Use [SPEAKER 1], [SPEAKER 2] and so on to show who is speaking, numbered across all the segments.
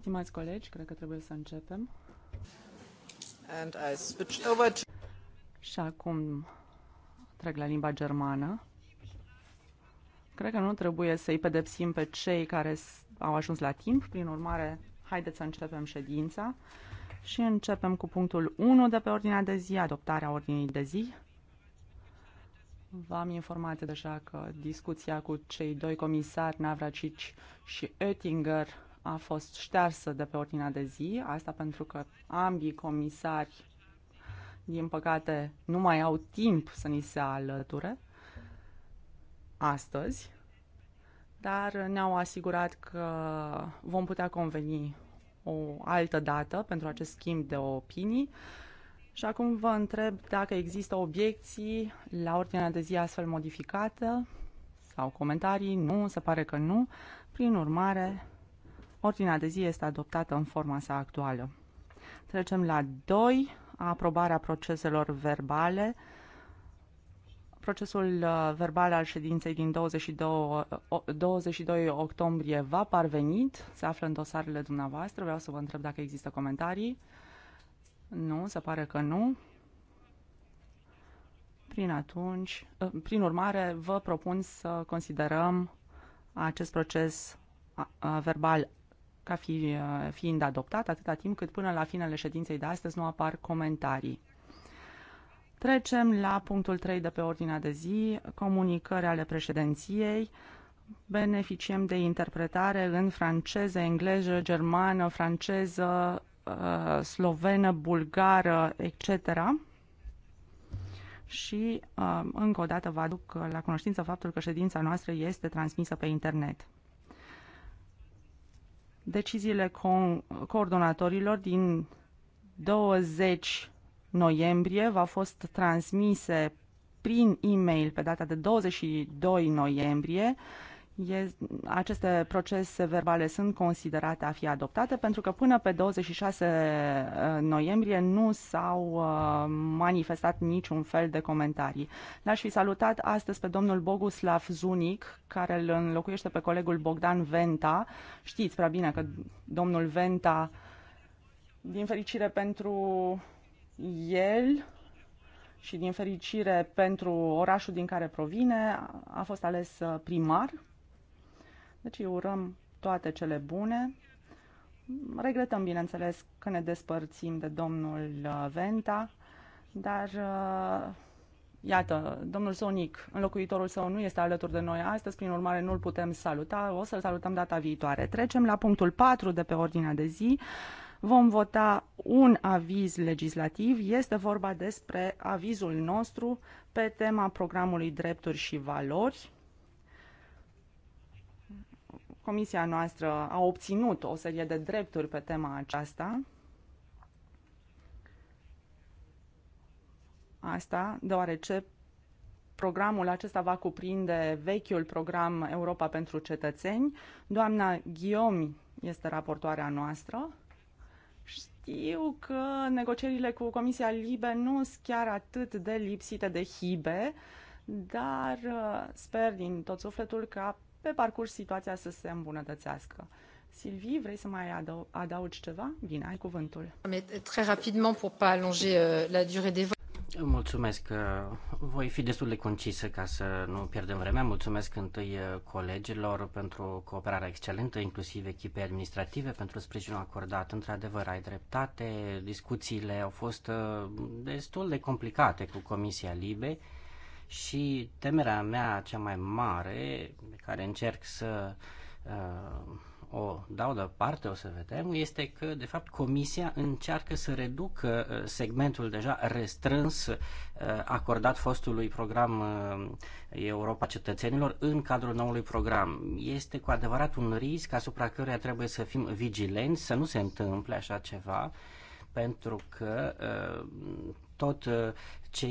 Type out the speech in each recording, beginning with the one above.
[SPEAKER 1] Stimați colegi, cred că trebuie să începem. And I switch over to... Și acum trec la limba germană. Cred că nu trebuie să-i pedepsim pe cei care au ajuns la timp, prin urmare, haideți să începem ședința și începem cu punctul 1 de pe ordinea de zi, adoptarea ordinii de zi. V-am informat deja că discuția cu cei doi comisari, Navracici și Oettinger, a fost ștearsă de pe ordinea de zi. Asta pentru că ambii comisari, din păcate, nu mai au timp să ni se alăture astăzi, dar ne-au asigurat că vom putea conveni o altă dată pentru acest schimb de opinii. Și acum vă întreb dacă există obiecții la ordinea de zi astfel modificată sau comentarii. Nu, se pare că nu. Prin urmare, ordinea de zi este adoptată în forma sa actuală. Trecem la 2, aprobarea proceselor verbale. Procesul uh, verbal al ședinței din 22, 22 octombrie va parvenit, se află în dosarele dumneavoastră. Vreau să vă întreb dacă există comentarii. Nu, se pare că nu. Prin atunci, ă, prin urmare, vă propun să considerăm acest proces verbal ca fi, ă, fiind adoptat atâta timp cât până la finele ședinței de astăzi nu apar comentarii. Trecem la punctul 3 de pe ordinea de zi, comunicări ale președinției. Beneficiem de interpretare în franceză, engleză, germană, franceză, Uh, slovenă, bulgară, etc. Și uh, încă o dată vă aduc la cunoștință faptul că ședința noastră este transmisă pe internet. Deciziile con- coordonatorilor din 20 noiembrie v-au fost transmise prin e-mail pe data de 22 noiembrie uh, aceste procese verbale sunt considerate a fi adoptate pentru că până pe 26 uh, noiembrie nu s-au uh, manifestat niciun fel de comentarii. L-aș fi salutat astăzi pe domnul Boguslav Zunic, care îl înlocuiește pe colegul Bogdan Venta. Știți prea bine că domnul Venta, din fericire pentru el, și din fericire pentru orașul din care provine a fost ales uh, primar deci îi urăm toate cele bune. Regretăm, bineînțeles, că ne despărțim de domnul uh, Venta, dar uh, iată, domnul Sonic, înlocuitorul său, nu este alături de noi astăzi, prin urmare nu-l putem saluta, o să-l salutăm data viitoare. Trecem la punctul 4 de pe ordinea de zi. Vom vota un aviz legislativ. Este vorba despre avizul nostru pe tema programului Drepturi și Valori, Comisia noastră a obținut o serie de drepturi pe tema aceasta. Asta deoarece programul acesta va cuprinde vechiul program Europa pentru cetățeni. Doamna Ghiomi este raportoarea noastră. Știu că negocierile cu Comisia Libe nu sunt chiar atât de lipsite de hibe, dar uh, sper din tot sufletul ca pe parcurs situația să se îmbunătățească. Sylvie, vrei să mai adau- adaugi ceva? Bine, ai cuvântul. Euh,
[SPEAKER 2] la Mulțumesc. Voi fi destul de concisă ca să nu pierdem vremea. Mulțumesc întâi uh, colegilor pentru cooperarea excelentă, inclusiv echipe administrative, pentru sprijinul acordat. Într-adevăr, ai dreptate. Discuțiile au fost uh, destul de complicate cu Comisia Libe și temerea mea cea mai mare, pe care încerc să uh, o dau deoparte, o să vedem, este că, de fapt, Comisia încearcă să reducă uh, segmentul deja restrâns uh, acordat fostului program uh, Europa Cetățenilor în cadrul noului program. Este cu adevărat un risc asupra căruia trebuie să fim vigilenți, să nu se întâmple așa ceva, pentru că tot uh, ce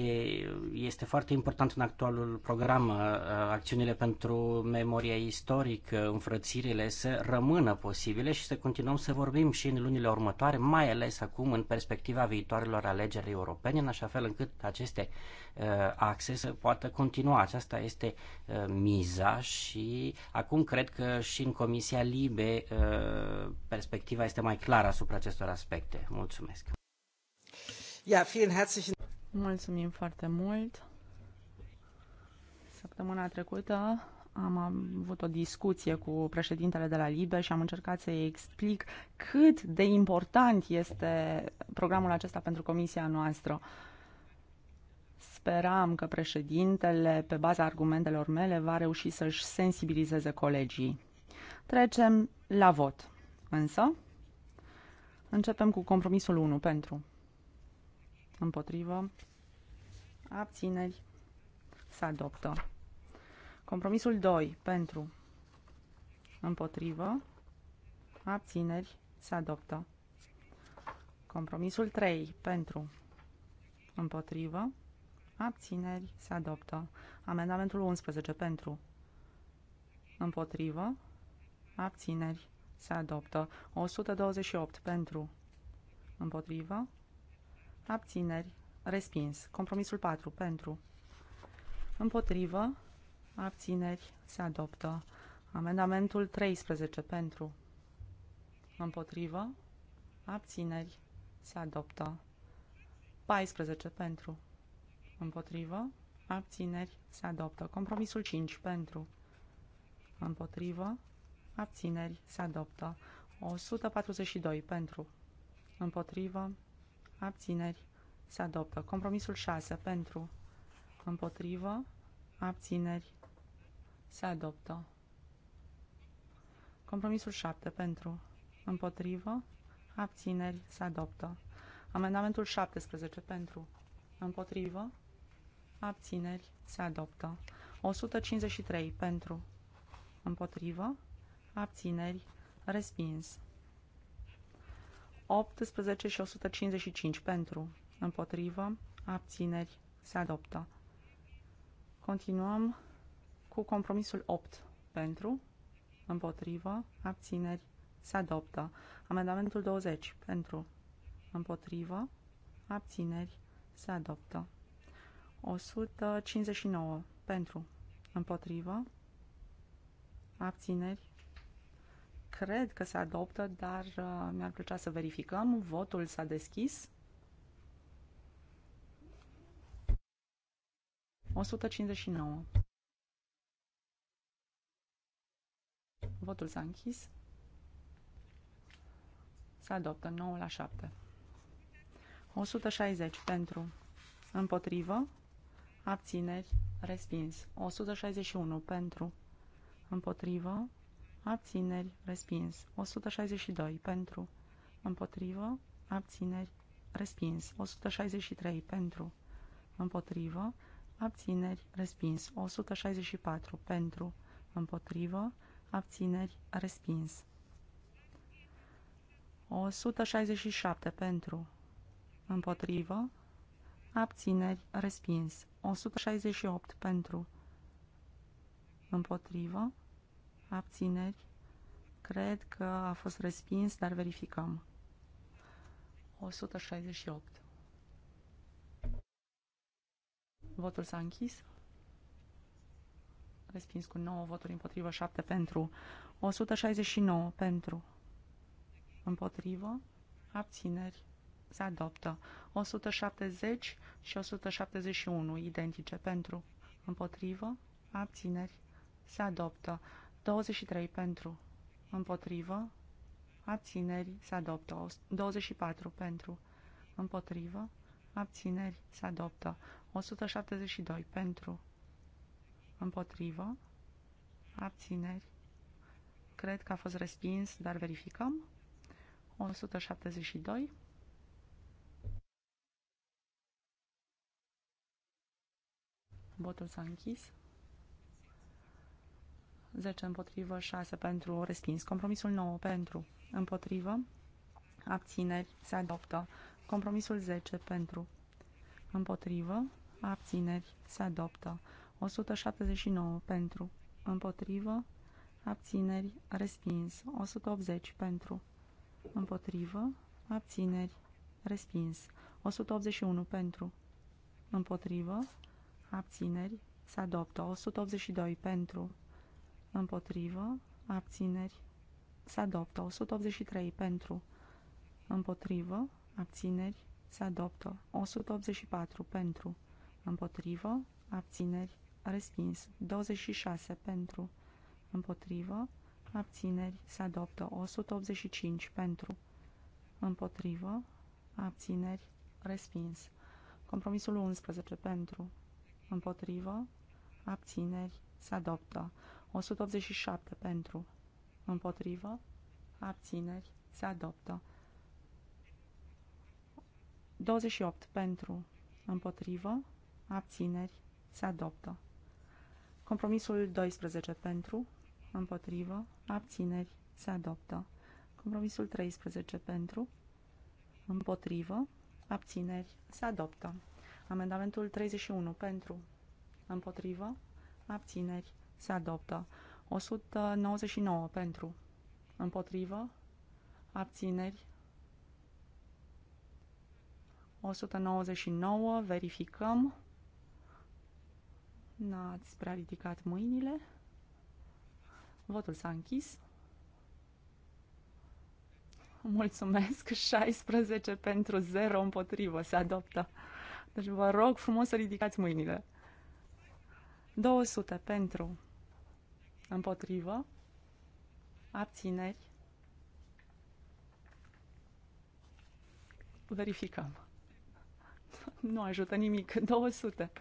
[SPEAKER 2] este foarte important în actualul program, uh, acțiunile pentru memoria istorică, înfrățirile, să rămână posibile și să continuăm să vorbim și în lunile următoare, mai ales acum în perspectiva viitoarelor alegeri europene, în așa fel încât aceste uh, axe să poată continua. Aceasta este miza și acum cred că și în Comisia Libe perspectiva este mai clară asupra acestor aspecte. Mulțumesc!
[SPEAKER 1] Ja, vielen herzlichen Mulțumim foarte mult. Săptămâna trecută am avut o discuție cu președintele de la Libe și am încercat să-i explic cât de important este programul acesta pentru comisia noastră. Speram că președintele, pe baza argumentelor mele, va reuși să-și sensibilizeze colegii. Trecem la vot. Însă, începem cu compromisul 1 pentru Împotrivă. Abțineri. Se adoptă. Compromisul 2. Pentru. Împotrivă. Abțineri. Se adoptă. Compromisul 3. Pentru. Împotrivă. Abțineri. Se adoptă. Amendamentul 11. Pentru. Împotrivă. Abțineri. Se adoptă. 128. Pentru. Împotrivă abțineri, respins. Compromisul 4 pentru, împotrivă, abțineri, se adoptă. Amendamentul 13 pentru, împotrivă, abțineri, se adoptă. 14 pentru, împotrivă, abțineri, se adoptă. Compromisul 5 pentru, împotrivă, abțineri, se adoptă. 142 pentru, împotrivă, abțineri, se adoptă. Compromisul 6 pentru, împotrivă, abțineri, se adoptă. Compromisul 7 pentru, împotrivă, abțineri, se adoptă. Amendamentul 17 pentru, împotrivă, abțineri, se adoptă. 153 pentru, împotrivă, abțineri, respins. 18 și 155 pentru, împotrivă, abțineri, se adoptă. Continuăm cu compromisul 8 pentru, împotrivă, abțineri, se adoptă. Amendamentul 20 pentru, împotrivă, abțineri, se adoptă. 159 pentru, împotrivă, abțineri, Cred că se adoptă, dar uh, mi-ar plăcea să verificăm. Votul s-a deschis. 159. Votul s-a închis. Se adoptă 9 la 7. 160 pentru, împotrivă, abțineri, respins. 161 pentru, împotrivă, abțineri, respins. 162 pentru, împotrivă, abțineri, respins. 163 pentru, împotrivă, abțineri, respins. 164 pentru, împotrivă, abțineri, respins. 167 pentru, împotrivă, abțineri, respins. 168 pentru, împotrivă, abțineri, cred că a fost respins, dar verificăm. 168. Votul s-a închis. Respins cu 9 voturi împotrivă, 7 pentru. 169 pentru. Împotrivă. Abțineri. Se adoptă. 170 și 171 identice pentru. Împotrivă. Abțineri. Se adoptă. 23 pentru, împotrivă, abțineri se adoptă. 24 pentru, împotrivă, abțineri se adoptă. 172 pentru, împotrivă, abțineri. Cred că a fost respins, dar verificăm. 172. Botul s-a închis. 10 împotrivă, 6 pentru, respins. Compromisul 9 pentru, împotrivă, abțineri, se adoptă. Compromisul 10 pentru, împotrivă, abțineri, se adoptă. 179 pentru, împotrivă, abțineri, respins. 180 pentru, împotrivă, abțineri, respins. 181 pentru, împotrivă, abțineri, se adoptă. 182 pentru, împotrivă, abțineri, se adoptă. 183 pentru, împotrivă, abțineri, se adoptă. 184 pentru, împotrivă, abțineri, respins. 26 pentru, împotrivă, abțineri, se adoptă. 185 pentru, împotrivă, abțineri, respins. Compromisul 11 pentru, împotrivă, abțineri, se adoptă. 187 pentru, împotrivă, abțineri, se adoptă. 28 pentru, împotrivă, abțineri, se adoptă. Compromisul 12 pentru, împotrivă, abțineri, se adoptă. Compromisul 13 pentru, împotrivă, abțineri, se adoptă. Amendamentul 31 pentru, împotrivă, abțineri, se adoptă. 199 pentru, împotrivă, abțineri. 199, verificăm. N-ați prea ridicat mâinile. Votul s-a închis. Mulțumesc, 16 pentru 0 împotrivă, se adoptă. Deci vă rog frumos să ridicați mâinile. 200 pentru Împotrivă. Abțineri. Verificăm. Nu ajută nimic. 200.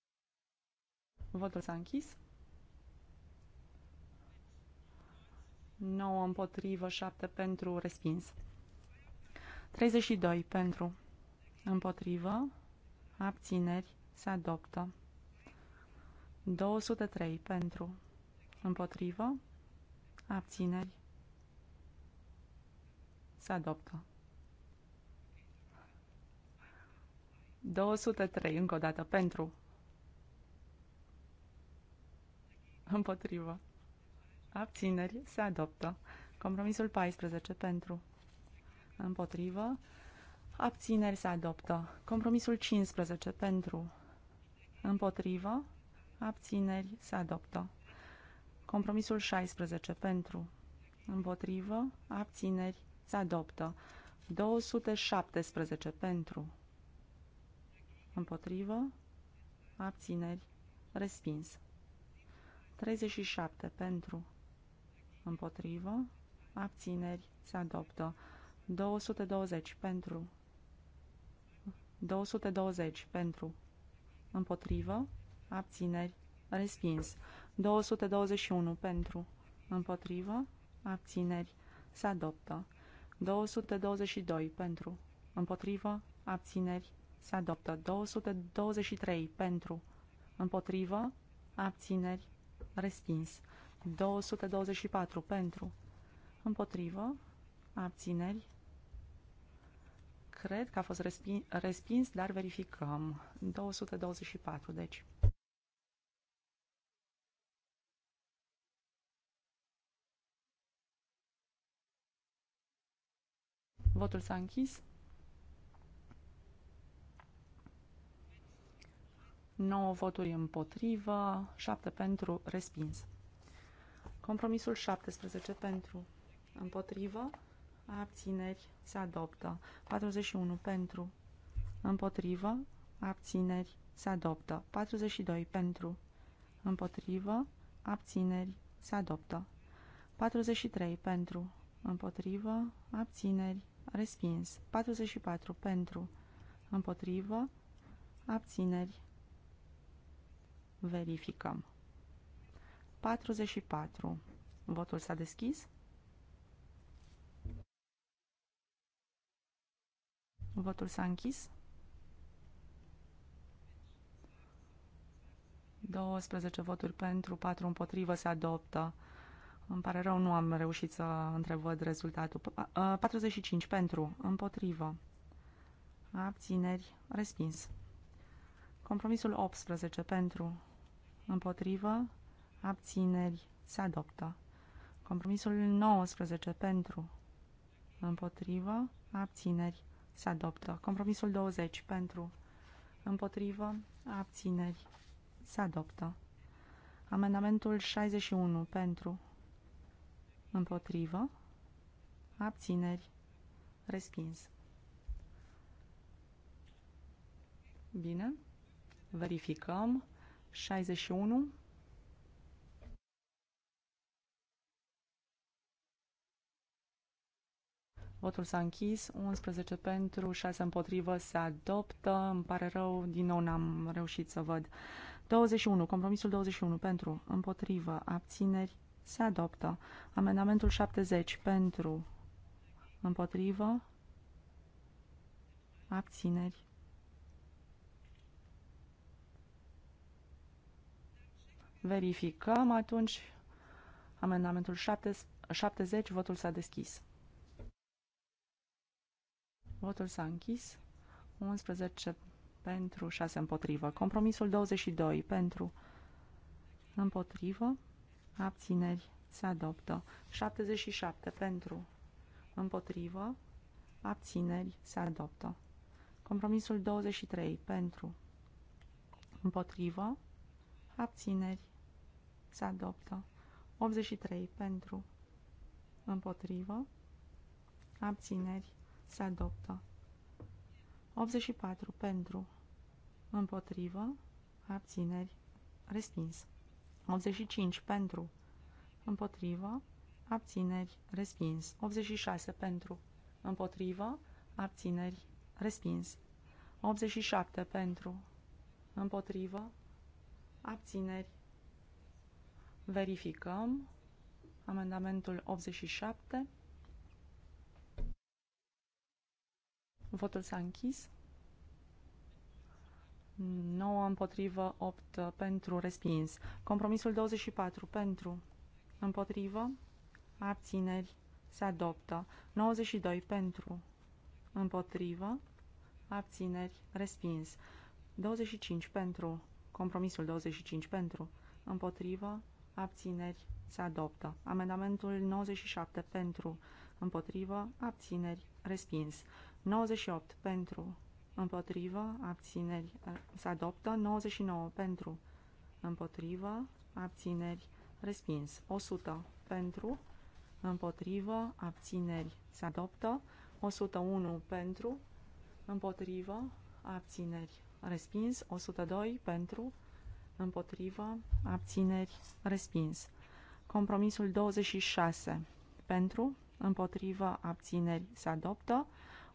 [SPEAKER 1] Votul s-a închis. 9 împotrivă, 7 pentru, respins. 32 pentru, împotrivă, abțineri, se adoptă. 203 pentru, împotrivă, abțineri, se adoptă. 203, încă o dată, pentru, împotrivă, abțineri, se adoptă. Compromisul 14 pentru, împotrivă, abțineri, se adoptă. Compromisul 15 pentru, împotrivă, abțineri, se adoptă. Compromisul 16 pentru, împotrivă, abțineri, se adoptă. 217 pentru, împotrivă, abțineri, respins. 37 pentru, împotrivă, abțineri, se adoptă. 220 pentru, 220 pentru, împotrivă, abțineri, respins. 221 pentru, împotrivă, abțineri, se adoptă. 222 pentru, împotrivă, abțineri, se adoptă. 223 pentru, împotrivă, abțineri, respins. 224 pentru, împotrivă, abțineri, cred că a fost respins, dar verificăm. 224, deci. Votul s-a închis. 9 voturi împotrivă, 7 pentru, respins. Compromisul 17 pentru, împotrivă, abțineri, se adoptă. 41 pentru, împotrivă, abțineri, se adoptă. 42 pentru, împotrivă, abțineri, se adoptă. 43 pentru, împotrivă, abțineri, Respins. 44 pentru. Împotrivă. Abțineri. Verificăm. 44. Votul s-a deschis. Votul s-a închis. 12 voturi pentru, 4 împotrivă se adoptă. Îmi pare rău, nu am reușit să întrevăd rezultatul. 45 pentru, împotrivă. Abțineri, respins. Compromisul 18 pentru, împotrivă, abțineri, se adoptă. Compromisul 19 pentru, împotrivă, abțineri, se adoptă. Compromisul 20 pentru, împotrivă, abțineri, se adoptă. Amendamentul 61 pentru, împotrivă, abțineri, respins. Bine, verificăm. 61. Votul s-a închis, 11 pentru, 6 împotrivă, se adoptă. Îmi pare rău, din nou n-am reușit să văd. 21, compromisul 21 pentru, împotrivă, abțineri, se adoptă. Amendamentul 70 pentru, împotrivă, abțineri. Verificăm atunci amendamentul 70, votul s-a deschis. Votul s-a închis. 11 pentru, 6 împotrivă. Compromisul 22 pentru, împotrivă, abțineri, se adoptă. 77 pentru, împotrivă, abțineri, se adoptă. Compromisul 23 pentru, împotrivă, abțineri, se adoptă. 83 pentru, împotrivă, abțineri, se adoptă. 84 pentru, împotrivă, abțineri, respins. 85 pentru, împotrivă, abțineri, respins. 86 pentru, împotrivă, abțineri, respins. 87 pentru, împotrivă, abțineri. Verificăm amendamentul 87. Votul s-a închis. 9 împotrivă, 8 uh, pentru, respins. Compromisul 24 pentru, împotrivă, abțineri, se adoptă. 92 pentru, împotrivă, abțineri, respins. 25 pentru, compromisul 25 pentru, împotrivă, abțineri, se adoptă. Amendamentul 97 pentru, împotrivă, abțineri, respins. 98 pentru, împotrivă, abțineri, uh, se adoptă. 99 pentru, împotrivă, abțineri, respins. 100 pentru, împotrivă, abțineri, se adoptă. 101 pentru, împotrivă, abțineri, respins. 102 pentru, împotrivă, abțineri, respins. Compromisul 26 pentru, împotrivă, abțineri, se adoptă.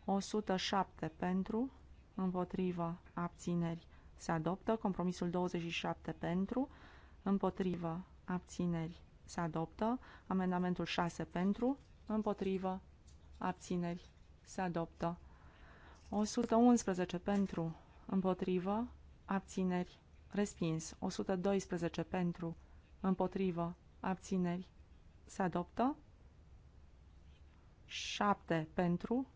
[SPEAKER 1] 107 pentru, împotrivă, abțineri, se adoptă. Compromisul 27 pentru, împotrivă, abțineri, se adoptă. Amendamentul 6 pentru, împotrivă, abțineri, se adoptă. 111 pentru, împotrivă, abțineri, respins. 112 pentru, împotrivă, abțineri, se adoptă. 7 pentru,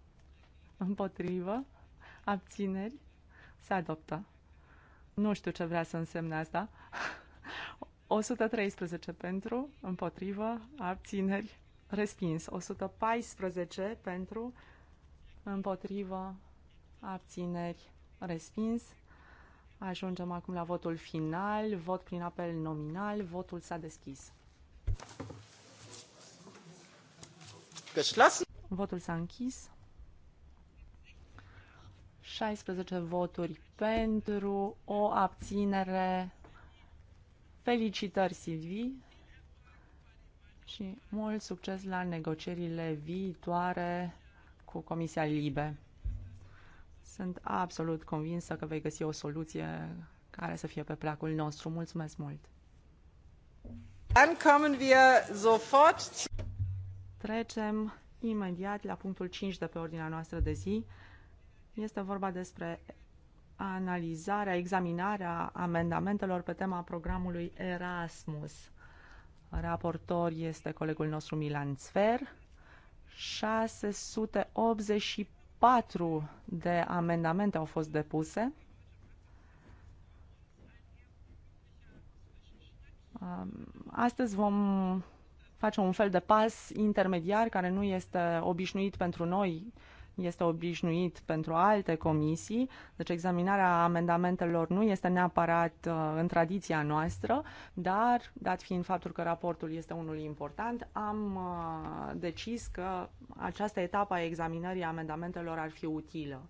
[SPEAKER 1] împotrivă, abțineri, se adoptă. Nu știu ce vrea să însemne asta. 113 pentru, împotrivă, abțineri, respins. 114 pentru, împotrivă, abțineri, respins. Ajungem acum la votul final, vot prin apel nominal, votul s-a deschis. Geschlossen. Votul s-a închis. 16 voturi pentru, o abținere. Felicitări, Silvi, și mult succes la negocierile viitoare cu Comisia Libe. Sunt absolut convinsă că vei găsi o soluție care să fie pe placul nostru. Mulțumesc mult! Trecem imediat la punctul 5 de pe ordinea noastră de zi, este vorba despre analizarea, examinarea amendamentelor pe tema programului Erasmus. Raportor este colegul nostru Milan Sfer. 684 de amendamente au fost depuse. Astăzi vom face un fel de pas intermediar care nu este obișnuit pentru noi este obișnuit pentru alte comisii, deci examinarea amendamentelor nu este neapărat uh, în tradiția noastră, dar, dat fiind faptul că raportul este unul important, am uh, decis că această etapă a examinării amendamentelor ar fi utilă.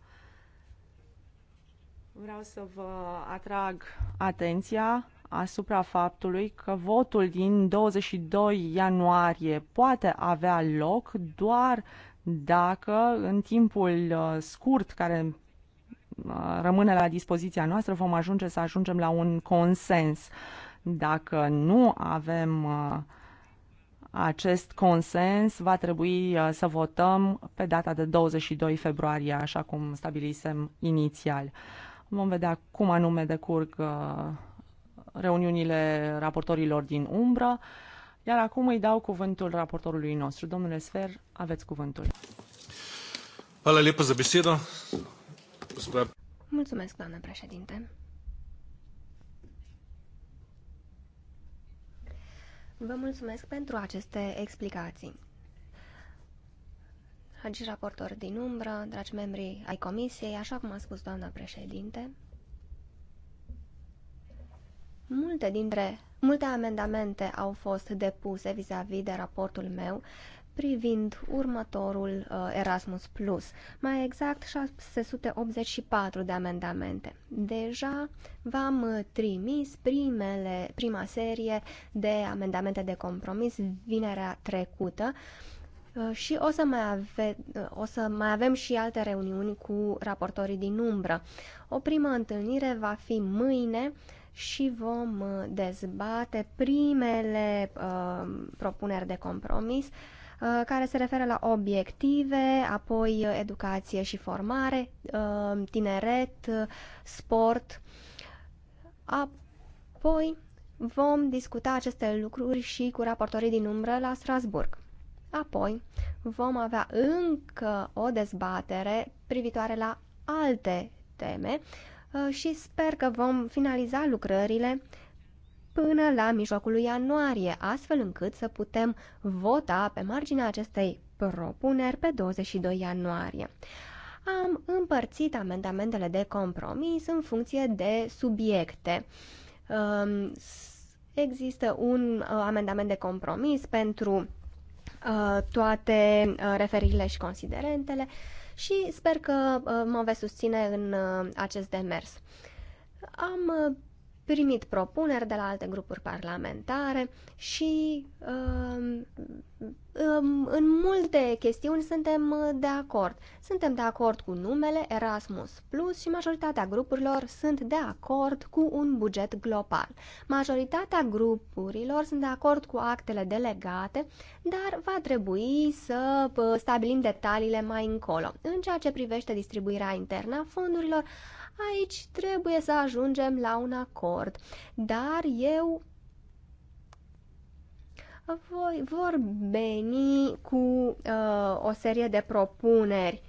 [SPEAKER 1] Vreau să vă atrag atenția asupra faptului că votul din 22 ianuarie poate avea loc doar dacă în timpul uh, scurt care uh, rămâne la dispoziția noastră vom ajunge să ajungem la un consens. Dacă nu avem uh, acest consens, va trebui să votăm pe data de 22 februarie, așa cum stabilisem inițial. Vom vedea cum anume decurg reuniunile raportorilor din umbră iar acum îi dau cuvântul raportorului nostru. Domnule Sfer, aveți cuvântul.
[SPEAKER 2] Hvala lepa za besedo.
[SPEAKER 3] Mulțumesc, doamnă președinte. Vă mulțumesc pentru aceste explicații. dragi raportori din umbră, dragi membri ai comisiei, așa cum a spus doamna președinte, Multe dintre multe amendamente au fost depuse vis-a-vis -vis de raportul meu privind următorul uh, Erasmus Plus, mai exact 684 de amendamente. Deja v-am uh, trimis primele, prima serie de amendamente de compromis vinerea trecută uh, și o să, mai ave, uh, o să mai avem și alte reuniuni cu raportorii din umbră. O primă întâlnire va fi mâine, uh, și vom uh, dezbate primele uh, propuneri de compromis uh, care se referă la obiective, apoi uh, educație și formare, uh, tineret, uh, sport. Apoi vom discuta aceste lucruri și cu raportorii din umbră la Strasburg. Apoi vom avea încă o dezbatere privitoare la alte teme, uh, Uh, și sper că vom finaliza lucrările până la mijlocul lui ianuarie, astfel încât să putem vota pe marginea acestei propuneri pe 22 ianuarie. Am împărțit amendamentele de compromis în funcție de subiecte. Um, există un uh, amendament de compromis pentru uh, toate referirile și considerentele, și sper că uh, mă vei susține în uh, acest demers. Am uh, primit propuneri de la alte grupuri parlamentare și uh, în multe chestiuni suntem uh, de acord. Suntem de acord cu numele Erasmus Plus și majoritatea grupurilor sunt de acord cu un buget global. Majoritatea grupurilor sunt de acord cu actele delegate, dar va trebui să uh, stabilim detaliile mai încolo. În ceea ce privește distribuirea internă a fondurilor, aici trebuie să ajungem la un acord. Dar eu voi, vor veni cu uh, o serie de propuneri.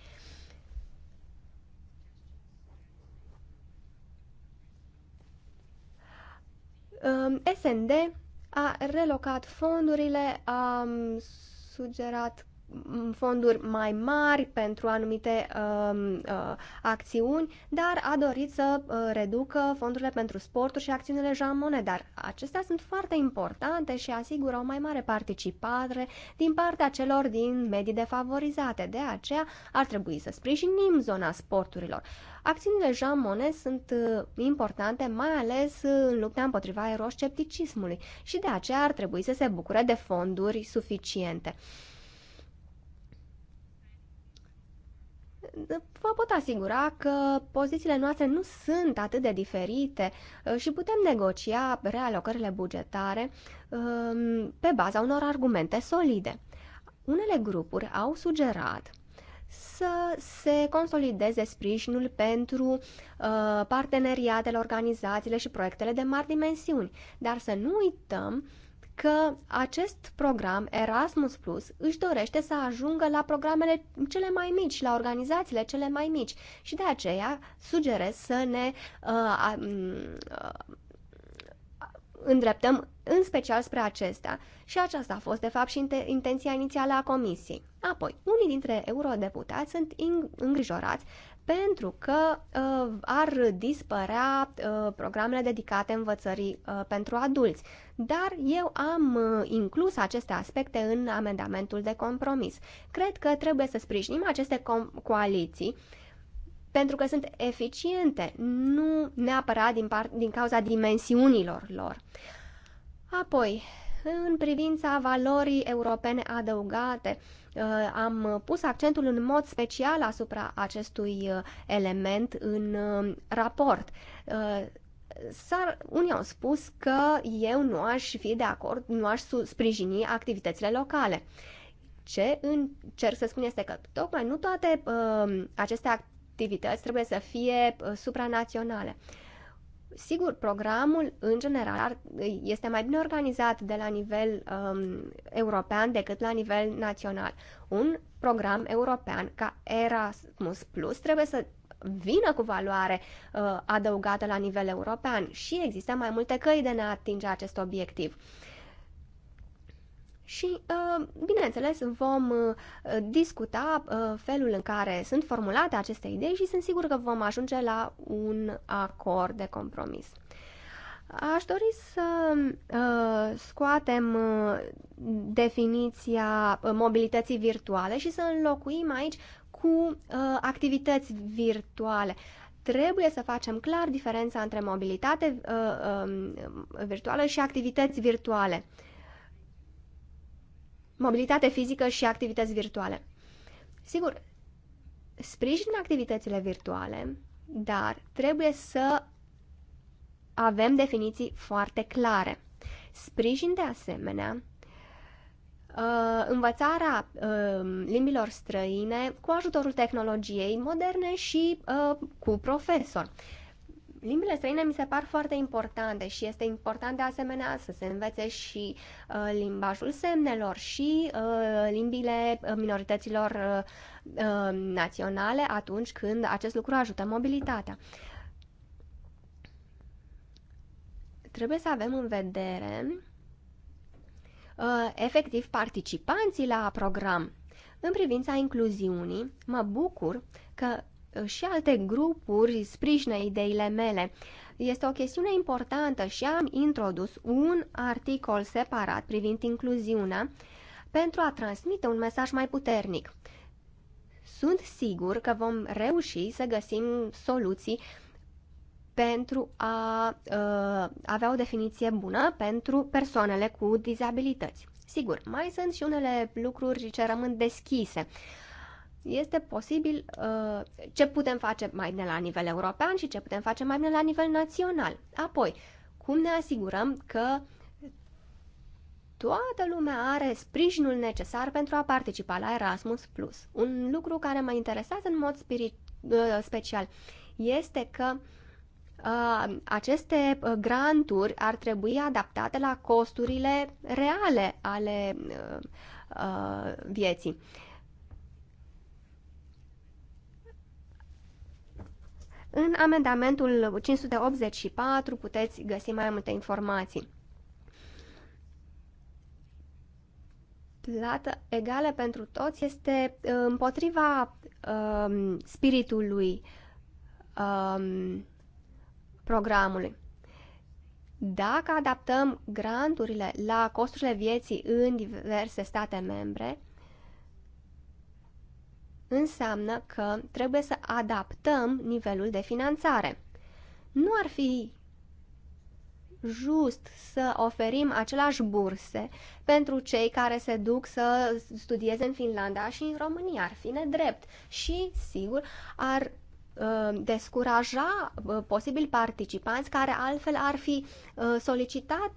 [SPEAKER 3] Um, SND a relocat fondurile, a sugerat Mm, fonduri mai mari pentru anumite uh, uh, acțiuni, dar a dorit să uh, reducă fondurile pentru sporturi și acțiunile Jean Monnet. Dar acestea sunt foarte importante și asigură o mai mare participare din partea celor din medii defavorizate. De aceea ar trebui să sprijinim zona sporturilor. Acțiunile Jean Monnet sunt uh, importante, mai ales uh, în lupta împotriva eroscepticismului și de aceea ar trebui să se bucure de fonduri suficiente. vă pot asigura că pozițiile noastre nu sunt atât de diferite uh, și putem negocia realocările bugetare um, pe baza unor argumente solide. Unele grupuri au sugerat să se consolideze sprijinul pentru uh, parteneriatele, organizațiile și proiectele de mari dimensiuni. Dar să nu uităm că acest program Erasmus Plus își dorește să ajungă la programele cele mai mici, la organizațiile cele mai mici și de aceea sugerez să ne uh, mm, uh, îndreptăm în special spre acestea și aceasta a fost de fapt și intenția inițială a comisiei. Apoi, unii dintre eurodeputați sunt îngrijorați pentru că uh, ar dispărea uh, programele dedicate învățării uh, pentru adulți. Dar eu am uh, inclus aceste aspecte în amendamentul de compromis. Cred că trebuie să sprijinim aceste coaliții pentru că sunt eficiente, nu neapărat din, par- din cauza dimensiunilor lor. Apoi, în privința valorii europene adăugate, uh, am pus accentul în mod special asupra acestui uh, element în uh, raport. Unii au spus că eu nu aș fi de acord, nu aș sprijini activitățile locale. Ce încerc să spun este că tocmai nu toate uh, aceste activități trebuie să fie supranaționale. Uh, Sigur, programul în general este mai bine organizat de la nivel um, european decât la nivel național. Un program european ca Erasmus Plus trebuie să vină cu valoare uh, adăugată la nivel european și există mai multe căi de a atinge acest obiectiv. Uh, și, uh, bineînțeles, vom uh, discuta uh, felul în care sunt formulate aceste idei și sunt sigur că vom ajunge la un acord de compromis. Aș dori să scoatem definiția mobilității virtuale și să înlocuim aici cu activități virtuale. Trebuie să facem clar diferența între mobilitate um, virtuală și activități virtuale mobilitate fizică și activități virtuale. Sigur, sprijin activitățile virtuale, dar trebuie să avem definiții foarte clare. Sprijin de asemenea uh, învățarea uh, limbilor străine cu ajutorul tehnologiei moderne și uh, cu profesor limbile străine mi se par foarte importante și este important de asemenea să se învețe și uh, limbajul semnelor și uh, limbile uh, minorităților uh, uh, naționale atunci când acest lucru ajută mobilitatea. Trebuie să avem în vedere uh, efectiv participanții la program. În privința incluziunii, mă bucur că și alte grupuri sprijină ideile mele. Este o chestiune importantă și am introdus un articol separat privind incluziunea pentru a transmite un mesaj mai puternic. Sunt sigur că vom reuși să găsim soluții pentru a uh, avea o definiție bună pentru persoanele cu dizabilități. Sigur, mai sunt și unele lucruri ce rămân deschise. Uh, este posibil uh, ce putem face mai bine la nivel european și ce putem face mai bine la nivel național. Apoi, cum ne asigurăm că toată lumea are sprijinul necesar pentru a participa la Erasmus+. Plus? Un lucru care mă interesează în mod spirit, uh, special este că uh, aceste uh, granturi ar trebui adaptate la costurile reale ale uh, uh vieții. În amendamentul 584 puteți găsi mai multe informații. Plată egală pentru toți este uh, împotriva um, spiritului um, programului. Dacă adaptăm granturile la costurile vieții în diverse state membre, înseamnă că trebuie să adaptăm nivelul de finanțare. Nu ar fi just să oferim aceleași burse pentru cei care se duc să studieze în Finlanda și în România. Ar fi nedrept și, sigur, ar uh, descuraja uh, posibil participanți care altfel ar fi uh, solicitat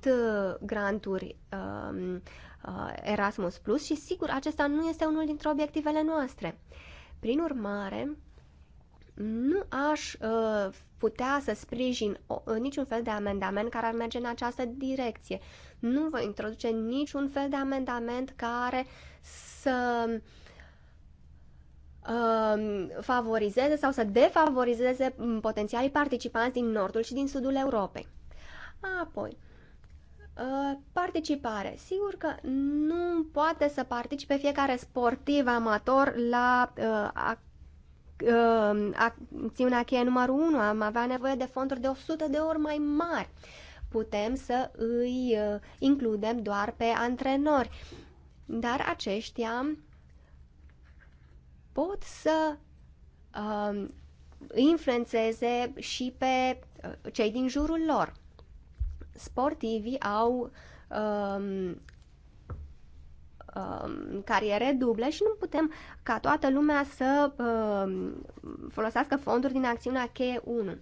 [SPEAKER 3] granturi Uh, Erasmus Plus și sigur acesta nu este unul dintre obiectivele noastre. Prin urmare, nu aș uh, putea să sprijin o, uh, niciun fel de amendament care ar merge în această direcție. Nu voi introduce niciun fel de amendament care să uh, favorizeze sau să defavorizeze potențialii participanți din nordul și din sudul Europei. Apoi, Uh, participare. Sigur că nu poate să participe fiecare sportiv amator la uh, a, uh, acțiunea cheie numărul 1. Am avea nevoie de fonduri de 100 de ori mai mari. Putem să îi uh, includem doar pe antrenori. Dar aceștia pot să uh, influențeze și pe uh, cei din jurul lor sportivii au um, um, cariere duble și nu putem ca toată lumea să um, folosească fonduri din acțiunea k 1.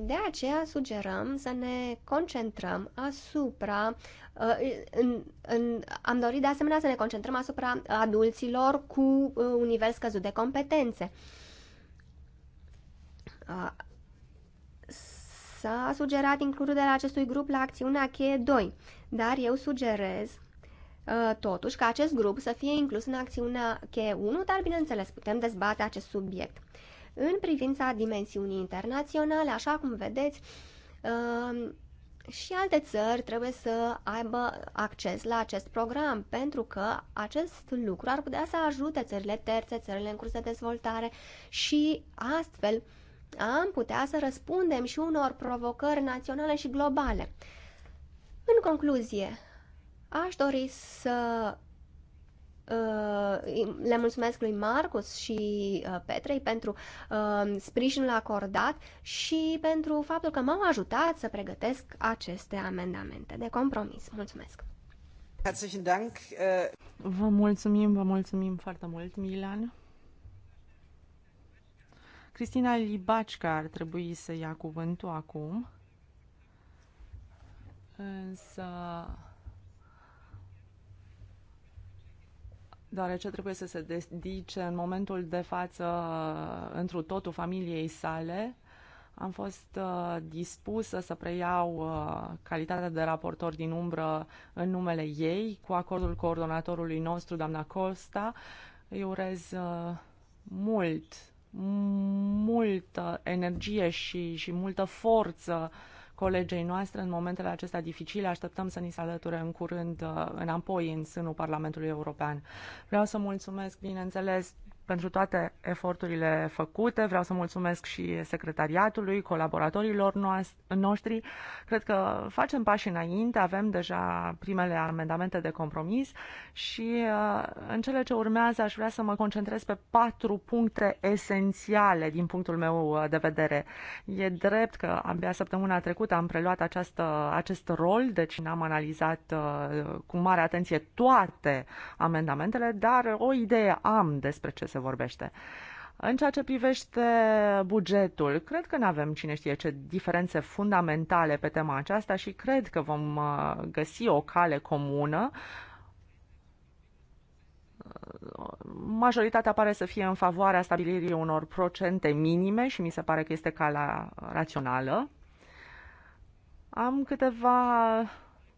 [SPEAKER 3] De aceea sugerăm să ne concentrăm asupra, uh, în, în, am dorit de asemenea să ne concentrăm asupra adulților cu uh, un nivel scăzut de competențe. Uh, însă a sugerat includerea acestui grup la acțiunea cheie 2, dar eu sugerez uh, totuși ca acest grup să fie inclus în acțiunea cheie 1, dar bineînțeles putem dezbate acest subiect. În privința dimensiunii internaționale, așa cum vedeți, uh, și alte țări trebuie să aibă acces la acest program, pentru că acest lucru ar putea să ajute țările terțe, țările în curs de dezvoltare și astfel am putea să răspundem și unor provocări naționale și globale. În concluzie, aș dori să uh, le mulțumesc lui Marcus și uh, Petrei pentru uh, sprijinul acordat și pentru faptul că m-au ajutat să pregătesc aceste amendamente de compromis. Mulțumesc!
[SPEAKER 2] Vă
[SPEAKER 1] mulțumim, vă mulțumim foarte mult, Milan. Cristina Libacica ar trebui să ia cuvântul acum, însă deoarece trebuie să se dedice în momentul de față întru totul familiei sale, am fost uh, dispusă să preiau uh, calitatea de raportor din umbră în numele ei, cu acordul coordonatorului nostru, doamna Costa. Îi urez uh, mult multă energie și, și multă forță colegei noastre în momentele acestea dificile. Așteptăm să ni se alăture în curând uh, înapoi în sânul Parlamentului European. Vreau să mulțumesc, bineînțeles, pentru toate eforturile făcute. Vreau să mulțumesc și secretariatului, colaboratorilor noștri. Cred că facem pași înainte, avem deja primele amendamente de compromis și uh, în cele ce urmează aș vrea să mă concentrez pe patru puncte esențiale din punctul meu uh, de vedere. E drept că abia săptămâna trecută am preluat această, acest rol, deci n-am analizat uh, cu mare atenție toate amendamentele, dar o idee am despre ce se se vorbește. În ceea ce privește bugetul, cred că nu avem cine știe ce diferențe fundamentale pe tema aceasta și cred că vom uh, găsi o cale comună. Majoritatea pare să fie în favoarea stabilirii unor procente minime și mi se pare că este calea rațională. Am câteva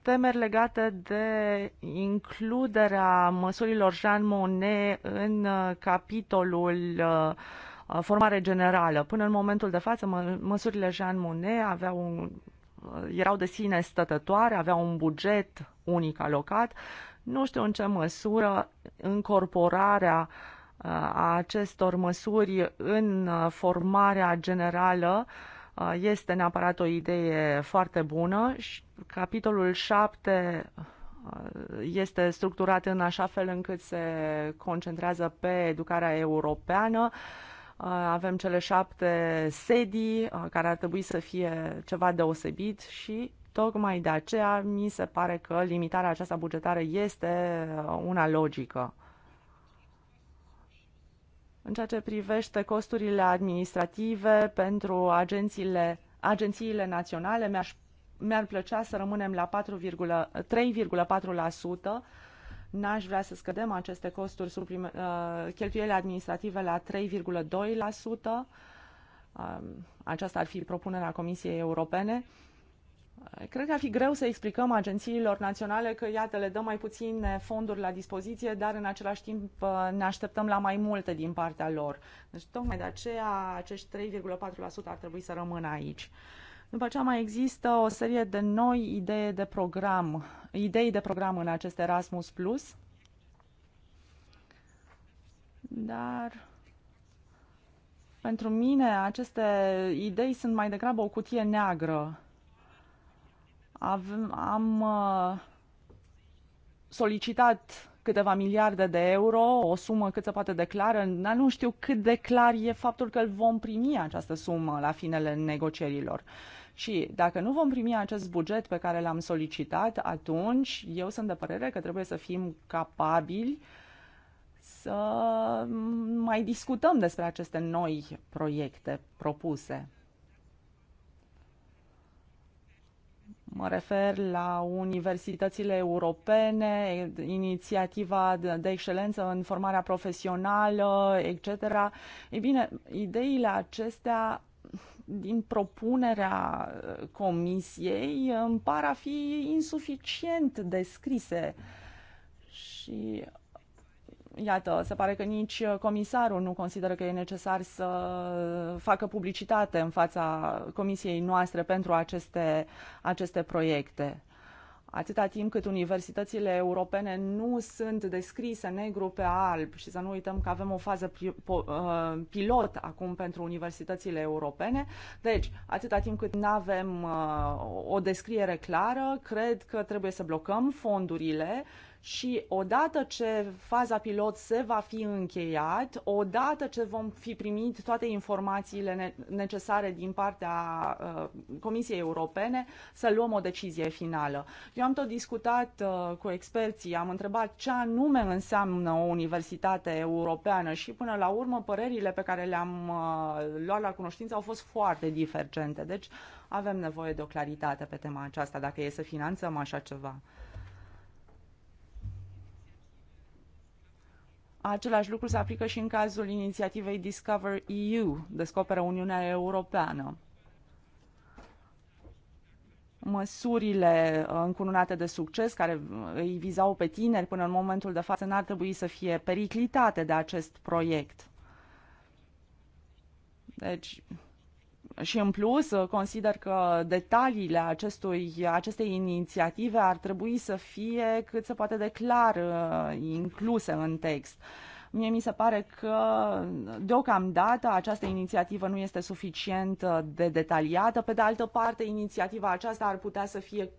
[SPEAKER 1] temeri legate de includerea măsurilor Jean Monnet în uh, capitolul uh, uh, formare generală. Până în momentul de față, măsurile Jean Monnet aveau un, erau de sine stătătoare, aveau un buget unic alocat. Nu știu în ce măsură incorporarea a acestor măsuri în formarea generală uh, Uh, este neapărat o idee foarte bună și capitolul 7 uh, este structurat în așa fel încât se concentrează pe educarea europeană. Uh, avem cele șapte sedii care ar trebui să fie ceva deosebit și tocmai de aceea mi se pare că limitarea aceasta bugetară este una logică. În ceea ce privește costurile administrative pentru agențiile, agențiile naționale, mi-aș, mi-ar plăcea să rămânem la 3,4%. N-aș vrea să scădem aceste costuri, uh, cheltuielile administrative la 3,2%. Uh, um, aceasta ar fi propunerea Comisiei Europene. Uh, Cred că ar fi greu să explicăm agențiilor naționale că, iată, le dăm mai puține fonduri la dispoziție, dar în același timp uh, ne așteptăm la mai multe din partea lor. Deci, tocmai de aceea, acești 3,4% ar trebui să rămână aici. După aceea mai există o serie de noi idei de program, idei de program în acest Erasmus+. Plus, dar pentru mine aceste idei sunt mai degrabă o cutie neagră avem, am uh, solicitat câteva miliarde de euro, o sumă cât se poate declară, dar nu știu cât de clar e faptul că vom primi această sumă la finele negocierilor. Și dacă nu vom primi acest buget pe care l-am solicitat, atunci eu sunt de părere că trebuie să fim capabili să mai discutăm despre aceste noi proiecte propuse. Mă refer la universitățile europene, inițiativa de excelență în formarea profesională, etc. Ei bine, ideile acestea din propunerea comisiei îmi par a fi insuficient descrise și Iată, se pare că nici comisarul nu consideră că e necesar să facă publicitate în fața comisiei noastre pentru aceste, aceste proiecte. Atâta timp cât universitățile europene nu sunt descrise negru pe alb și să nu uităm că avem o fază uh, pilot acum pentru universitățile europene, deci atâta timp cât nu avem uh, o descriere clară, cred că trebuie să blocăm fondurile și odată ce faza pilot se va fi încheiat, odată ce vom fi primit toate informațiile necesare din partea uh, Comisiei Europene, să luăm o decizie finală. Eu am tot discutat uh, cu experții, am întrebat ce anume înseamnă o universitate europeană și până la urmă părerile pe care le-am uh, luat la cunoștință au fost foarte divergente. Deci avem nevoie de o claritate pe tema aceasta dacă e să finanțăm așa ceva. Același lucru se aplică și în cazul inițiativei Discover EU, Descoperă Uniunea Europeană. Măsurile uh, încununate de succes care uh, îi vizau pe tineri până în momentul de față n-ar trebui să fie periclitate de acest proiect. Deci, și în plus, consider că detaliile acestui, acestei inițiative ar trebui să fie cât se poate de clar uh, incluse în text. Mie mi se pare că deocamdată această inițiativă nu este suficient uh, de detaliată. Pe de altă parte, inițiativa aceasta ar putea să fie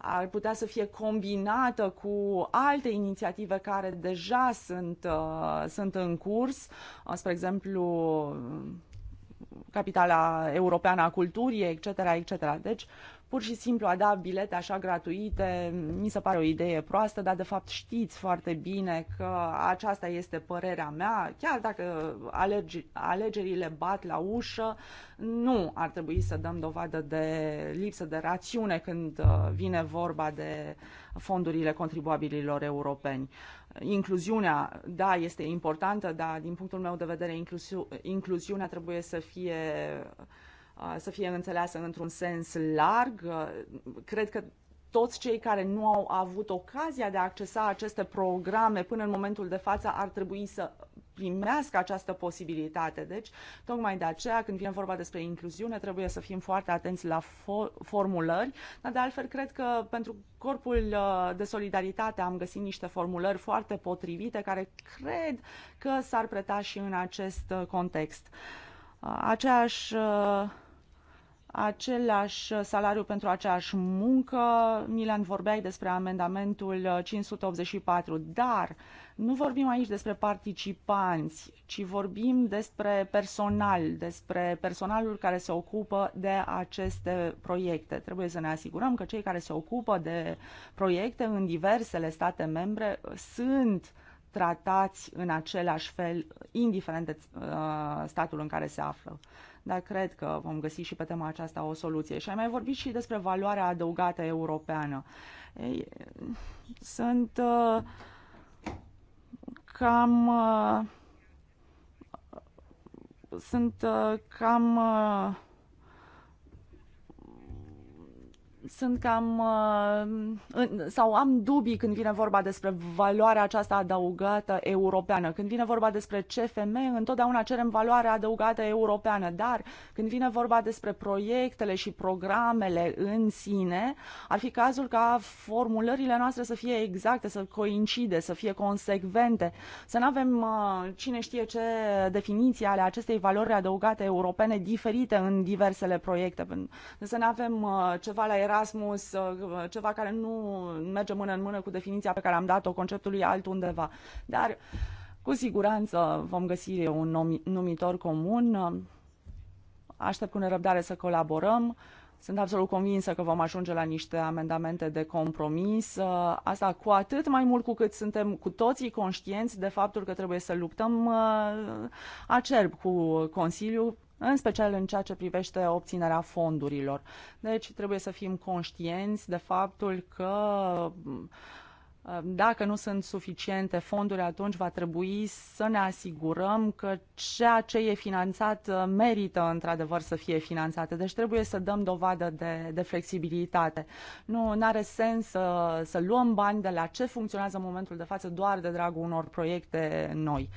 [SPEAKER 1] ar putea să fie combinată cu alte inițiative care deja sunt, uh, sunt în curs, uh, spre exemplu capitala europeană a culturii, etc., etc. Deci, Pur și simplu a da bilete așa gratuite mi se pare o idee proastă, dar de fapt știți foarte bine că aceasta este părerea mea. Chiar dacă alegerile bat la ușă, nu ar trebui să dăm dovadă de lipsă de rațiune când uh, vine vorba de fondurile contribuabililor europeni incluziunea, da, este importantă, dar din punctul meu de vedere incluziunea trebuie să fie să fie înțeleasă într-un sens larg. Cred că toți cei care nu au avut ocazia de a accesa aceste programe până în momentul de față ar trebui să primească această posibilitate. Deci, tocmai de aceea, când vine vorba despre incluziune, trebuie să fim foarte atenți la fo- formulări, dar de altfel cred că pentru Corpul de Solidaritate am găsit niște formulări foarte potrivite care cred că s-ar preta și în acest context. Aceeași același salariu pentru aceeași muncă. Milan, vorbeai despre amendamentul 584, dar nu vorbim aici despre participanți, ci vorbim despre personal, despre personalul care se ocupă de aceste proiecte. Trebuie să ne asigurăm că cei care se ocupă de proiecte în diversele state membre sunt tratați în același fel, indiferent de uh, statul în care se află dar cred că vom găsi și pe tema aceasta o soluție. Și ai mai vorbit și despre valoarea adăugată europeană. Ei, sunt uh, cam uh, sunt uh, cam uh, sunt cam uh, sau am dubii când vine vorba despre valoarea aceasta adăugată europeană. Când vine vorba despre CFM, întotdeauna cerem valoarea adăugată europeană, dar când vine vorba despre proiectele și programele în sine, ar fi cazul ca formulările noastre să fie exacte, să coincide, să fie consecvente, să nu avem uh, cine știe ce definiții ale acestei valori adăugate europene diferite în diversele proiecte, să nu avem uh, ceva la era Erasmus, uh, ceva care nu merge mână în mână cu definiția pe care am dat-o conceptului altundeva. Dar cu siguranță vom găsi un numitor comun. Aștept cu nerăbdare să colaborăm. Sunt absolut convinsă că vom ajunge la niște amendamente de compromis. Uh, asta cu atât mai mult cu cât suntem cu toții conștienți de faptul că trebuie să luptăm uh, acerb cu Consiliul în special în ceea ce privește obținerea fondurilor. Deci trebuie să fim conștienți de faptul că dacă nu sunt suficiente fonduri, atunci va trebui să ne asigurăm că ceea ce e finanțat uh, merită într-adevăr să fie finanțate. Deci trebuie să dăm dovadă de, de flexibilitate. Nu are sens să, să luăm bani de la ce funcționează în momentul de față doar de dragul unor proiecte noi.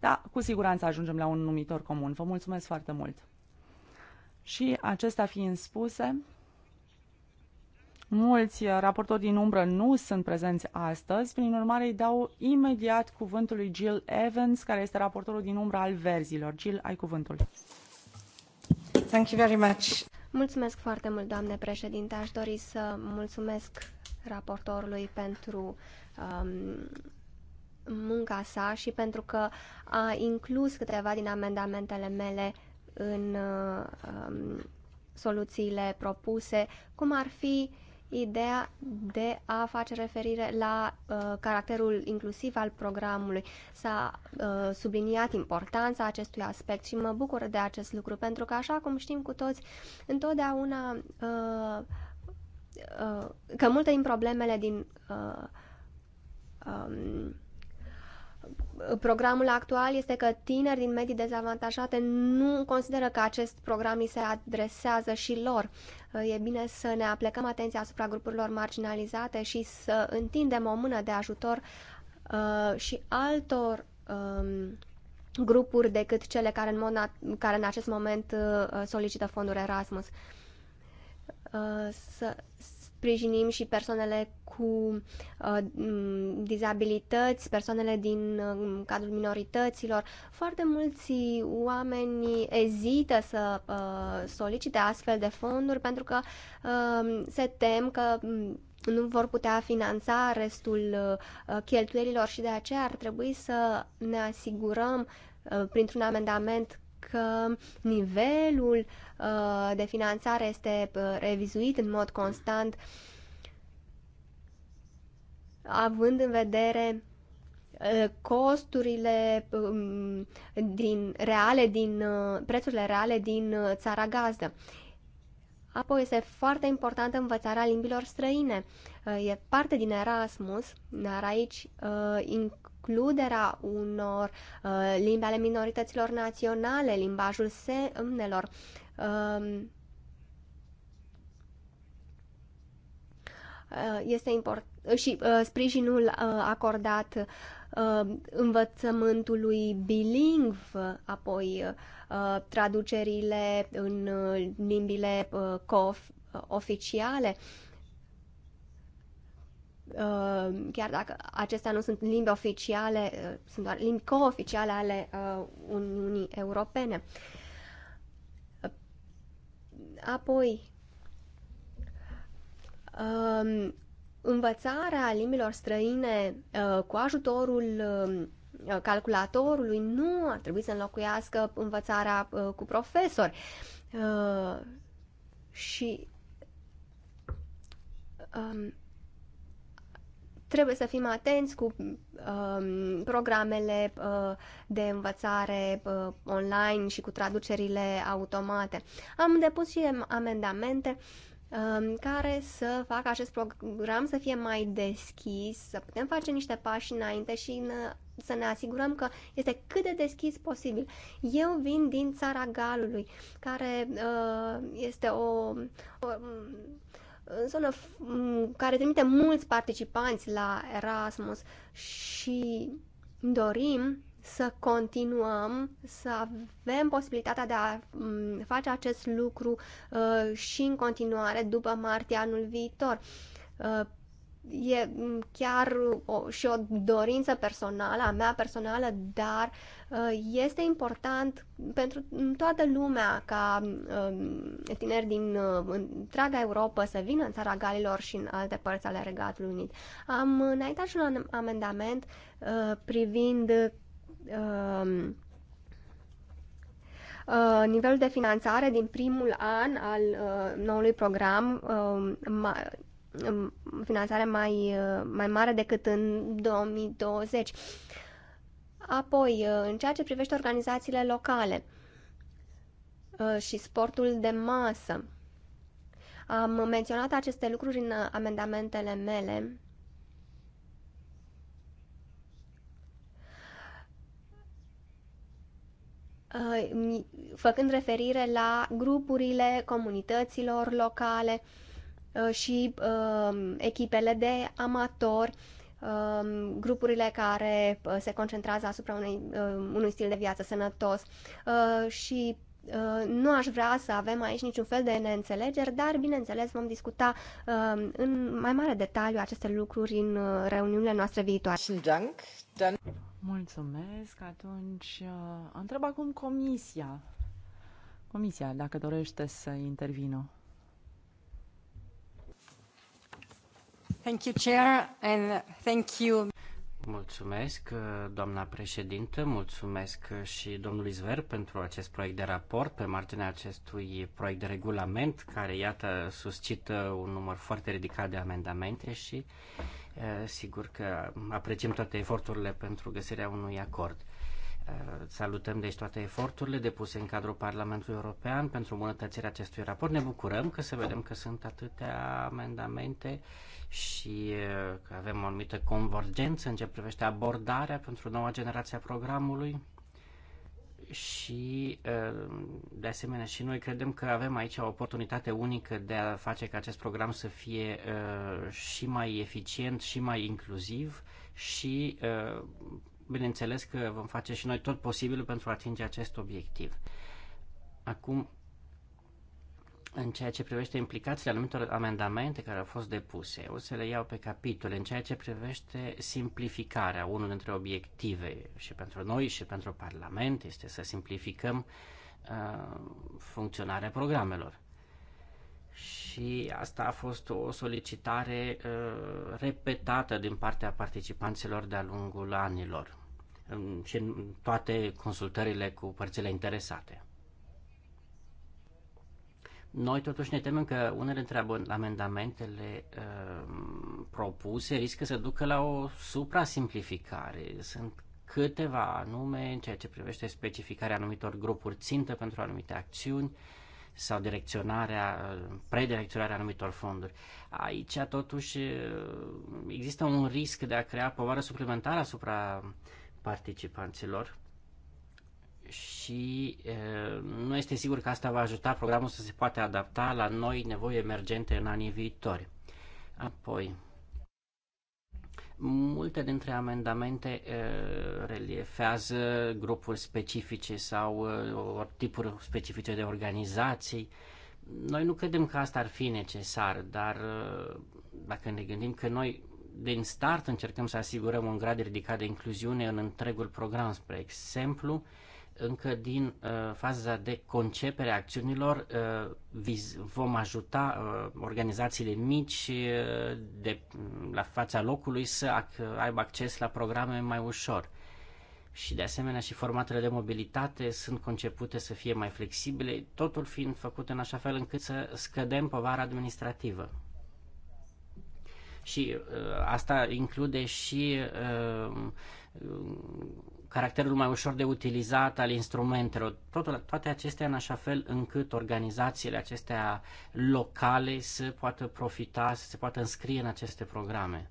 [SPEAKER 1] Dar cu siguranță ajungem la un numitor comun. Vă mulțumesc foarte mult! Și acestea fiind spuse, Mulți uh, raportori din umbră nu sunt prezenți astăzi, prin urmare îi dau imediat cuvântul lui Jill Evans, care este raportorul din umbră al verzilor. Jill, ai cuvântul. Thank you very much.
[SPEAKER 3] Mulțumesc foarte mult, doamne președinte. Aș dori să mulțumesc raportorului pentru um, munca sa și pentru că a inclus câteva din amendamentele mele în uh, um, soluțiile propuse, cum ar fi uh, ideea de a face referire la uh, caracterul inclusiv al programului. S-a uh, subliniat importanța acestui aspect și mă bucur de acest lucru, pentru că, așa cum știm cu toți, întotdeauna uh, uh, că multe din problemele din uh, um, programul actual este că tineri din medii dezavantajate nu consideră că acest program li se adresează și lor. E bine să ne aplecăm atenția asupra grupurilor marginalizate și să întindem o mână de ajutor uh, și altor um, grupuri decât cele care în, mod care în acest moment uh, solicită fonduri Erasmus. Uh, să, sprijinim și persoanele cu uh, dizabilități, persoanele din uh, cadrul minorităților. Foarte mulți oameni ezită să uh, solicite astfel de fonduri pentru că uh, se tem că mm, nu vor putea finanța restul uh, cheltuielilor și de aceea ar trebui să ne asigurăm uh, printr-un amendament că nivelul uh, de finanțare este uh, revizuit în mod constant, având în vedere uh, costurile um, din reale din prețurile reale din țara gazdă. Apoi este foarte importantă învățarea limbilor străine. E parte din Erasmus, dar aici includerea unor uh, limbi ale minorităților naționale, limbajul semnelor. Um, uh, este important uh, și uh, sprijinul uh, acordat uh, învățământului bilingv, apoi uh, traducerile în uh, limbile uh, oficiale. Uh, Ehm, chiar dacă acestea nu sunt limbi oficiale, eh, sunt doar limbi cooficiale ale eh, Uniunii Europene. Eh, apoi, ehm, învățarea limbilor străine cu ajutorul calculatorului nu ar trebui să înlocuiască învățarea cu profesori. Și ehm, Trebuie să fim atenți cu um, programele uh, de învățare uh, online și cu traducerile automate. Am depus și amendamente um, care să facă acest program să fie mai deschis, să putem face niște pași înainte și în să ne asigurăm că este cât de deschis posibil. Eu vin din țara Galului, care uh, este o, o zonă care trimite mulți participanți la Erasmus și dorim să continuăm, să avem posibilitatea de a face acest lucru uh, și în continuare după martie anul viitor. Uh, e mm, chiar o, și o dorință personală, a mea personală, dar uh, este important pentru mm, toată lumea ca mm, tineri din uh, întreaga Europa să vină în țara Galilor și în alte părți ale Regatului Unit. Am înaintat și un amendament uh, privind um, nivelul de finanțare din primul an al noului program um, finanțare mai, mai mare decât în 2020. Apoi, în ceea ce privește organizațiile locale uh, și sportul de masă, am menționat aceste lucruri în amendamentele mele. Uh, făcând referire la grupurile comunităților locale, uh, Uh, și um, echipele de amatori, um, grupurile care uh, se concentrează asupra unei, um, unui stil de viață sănătos uh, și nu aș vrea să avem aici niciun fel de neînțelegeri, dar bineînțeles vom discuta în mai mare detaliu aceste lucruri în reuniunile noastre viitoare. Mulțumesc. Atunci întreb acum comisia.
[SPEAKER 1] Comisia, dacă dorește să intervină.
[SPEAKER 2] Thank you, Chair, and thank you. Mulțumesc, uh, doamna președintă, mulțumesc și domnului Zver pentru acest proiect de raport pe marginea acestui proiect de regulament care, iată, suscită un număr foarte ridicat de amendamente și uh, sigur că apreciem toate eforturile pentru găsirea unui acord. Salutăm deci toate eforturile depuse în cadrul Parlamentului European pentru îmbunătățirea acestui raport. Ne bucurăm că să vedem că sunt atâtea amendamente și că avem o anumită convergență în ce privește abordarea pentru noua generație a programului și de asemenea și noi credem că avem aici o oportunitate unică de a face ca acest program să fie și mai eficient și mai inclusiv și bineînțeles că vom face și noi tot posibilul pentru a atinge acest obiectiv. Acum, în ceea ce privește implicațiile anumitor amendamente care au fost depuse, o să le iau pe capitole. În ceea ce privește simplificarea, unul dintre obiective și pentru noi și pentru Parlament este să simplificăm uh, funcționarea programelor. Și asta a fost o solicitare uh, repetată din partea participanților de-a lungul anilor și în toate consultările cu părțile interesate. Noi totuși ne temem că unele dintre amendamentele uh, propuse riscă să ducă la o suprasimplificare. Sunt câteva anume în ceea ce privește specificarea anumitor grupuri țintă pentru anumite acțiuni sau direcționarea, predirecționarea anumitor fonduri. Aici, totuși, ehm, există un risc de a crea povară suplimentară asupra uh, participanților și e, nu este sigur că asta va ajuta programul să se poate adapta la noi nevoi emergente în anii viitori. Apoi, multe dintre amendamente e, reliefează grupuri specifice sau e, tipuri specifice de organizații. Noi nu credem că asta ar fi necesar, dar dacă ne gândim că noi din start încercăm să asigurăm un grad ridicat de incluziune în întregul program, spre exemplu, încă din uh, faza de concepere a acțiunilor uh, vom ajuta uh, organizațiile mici uh, de, mm, la fața locului să ac- aibă acces la programe mai ușor. Și de asemenea și formatele de mobilitate sunt concepute să fie mai flexibile, totul fiind făcut în așa fel încât să scădem povara administrativă și uh, asta include și uh, caracterul mai ușor de utilizat al instrumentelor. Totul, toate acestea în așa fel încât organizațiile acestea locale să poată profita, să se poată înscrie în aceste programe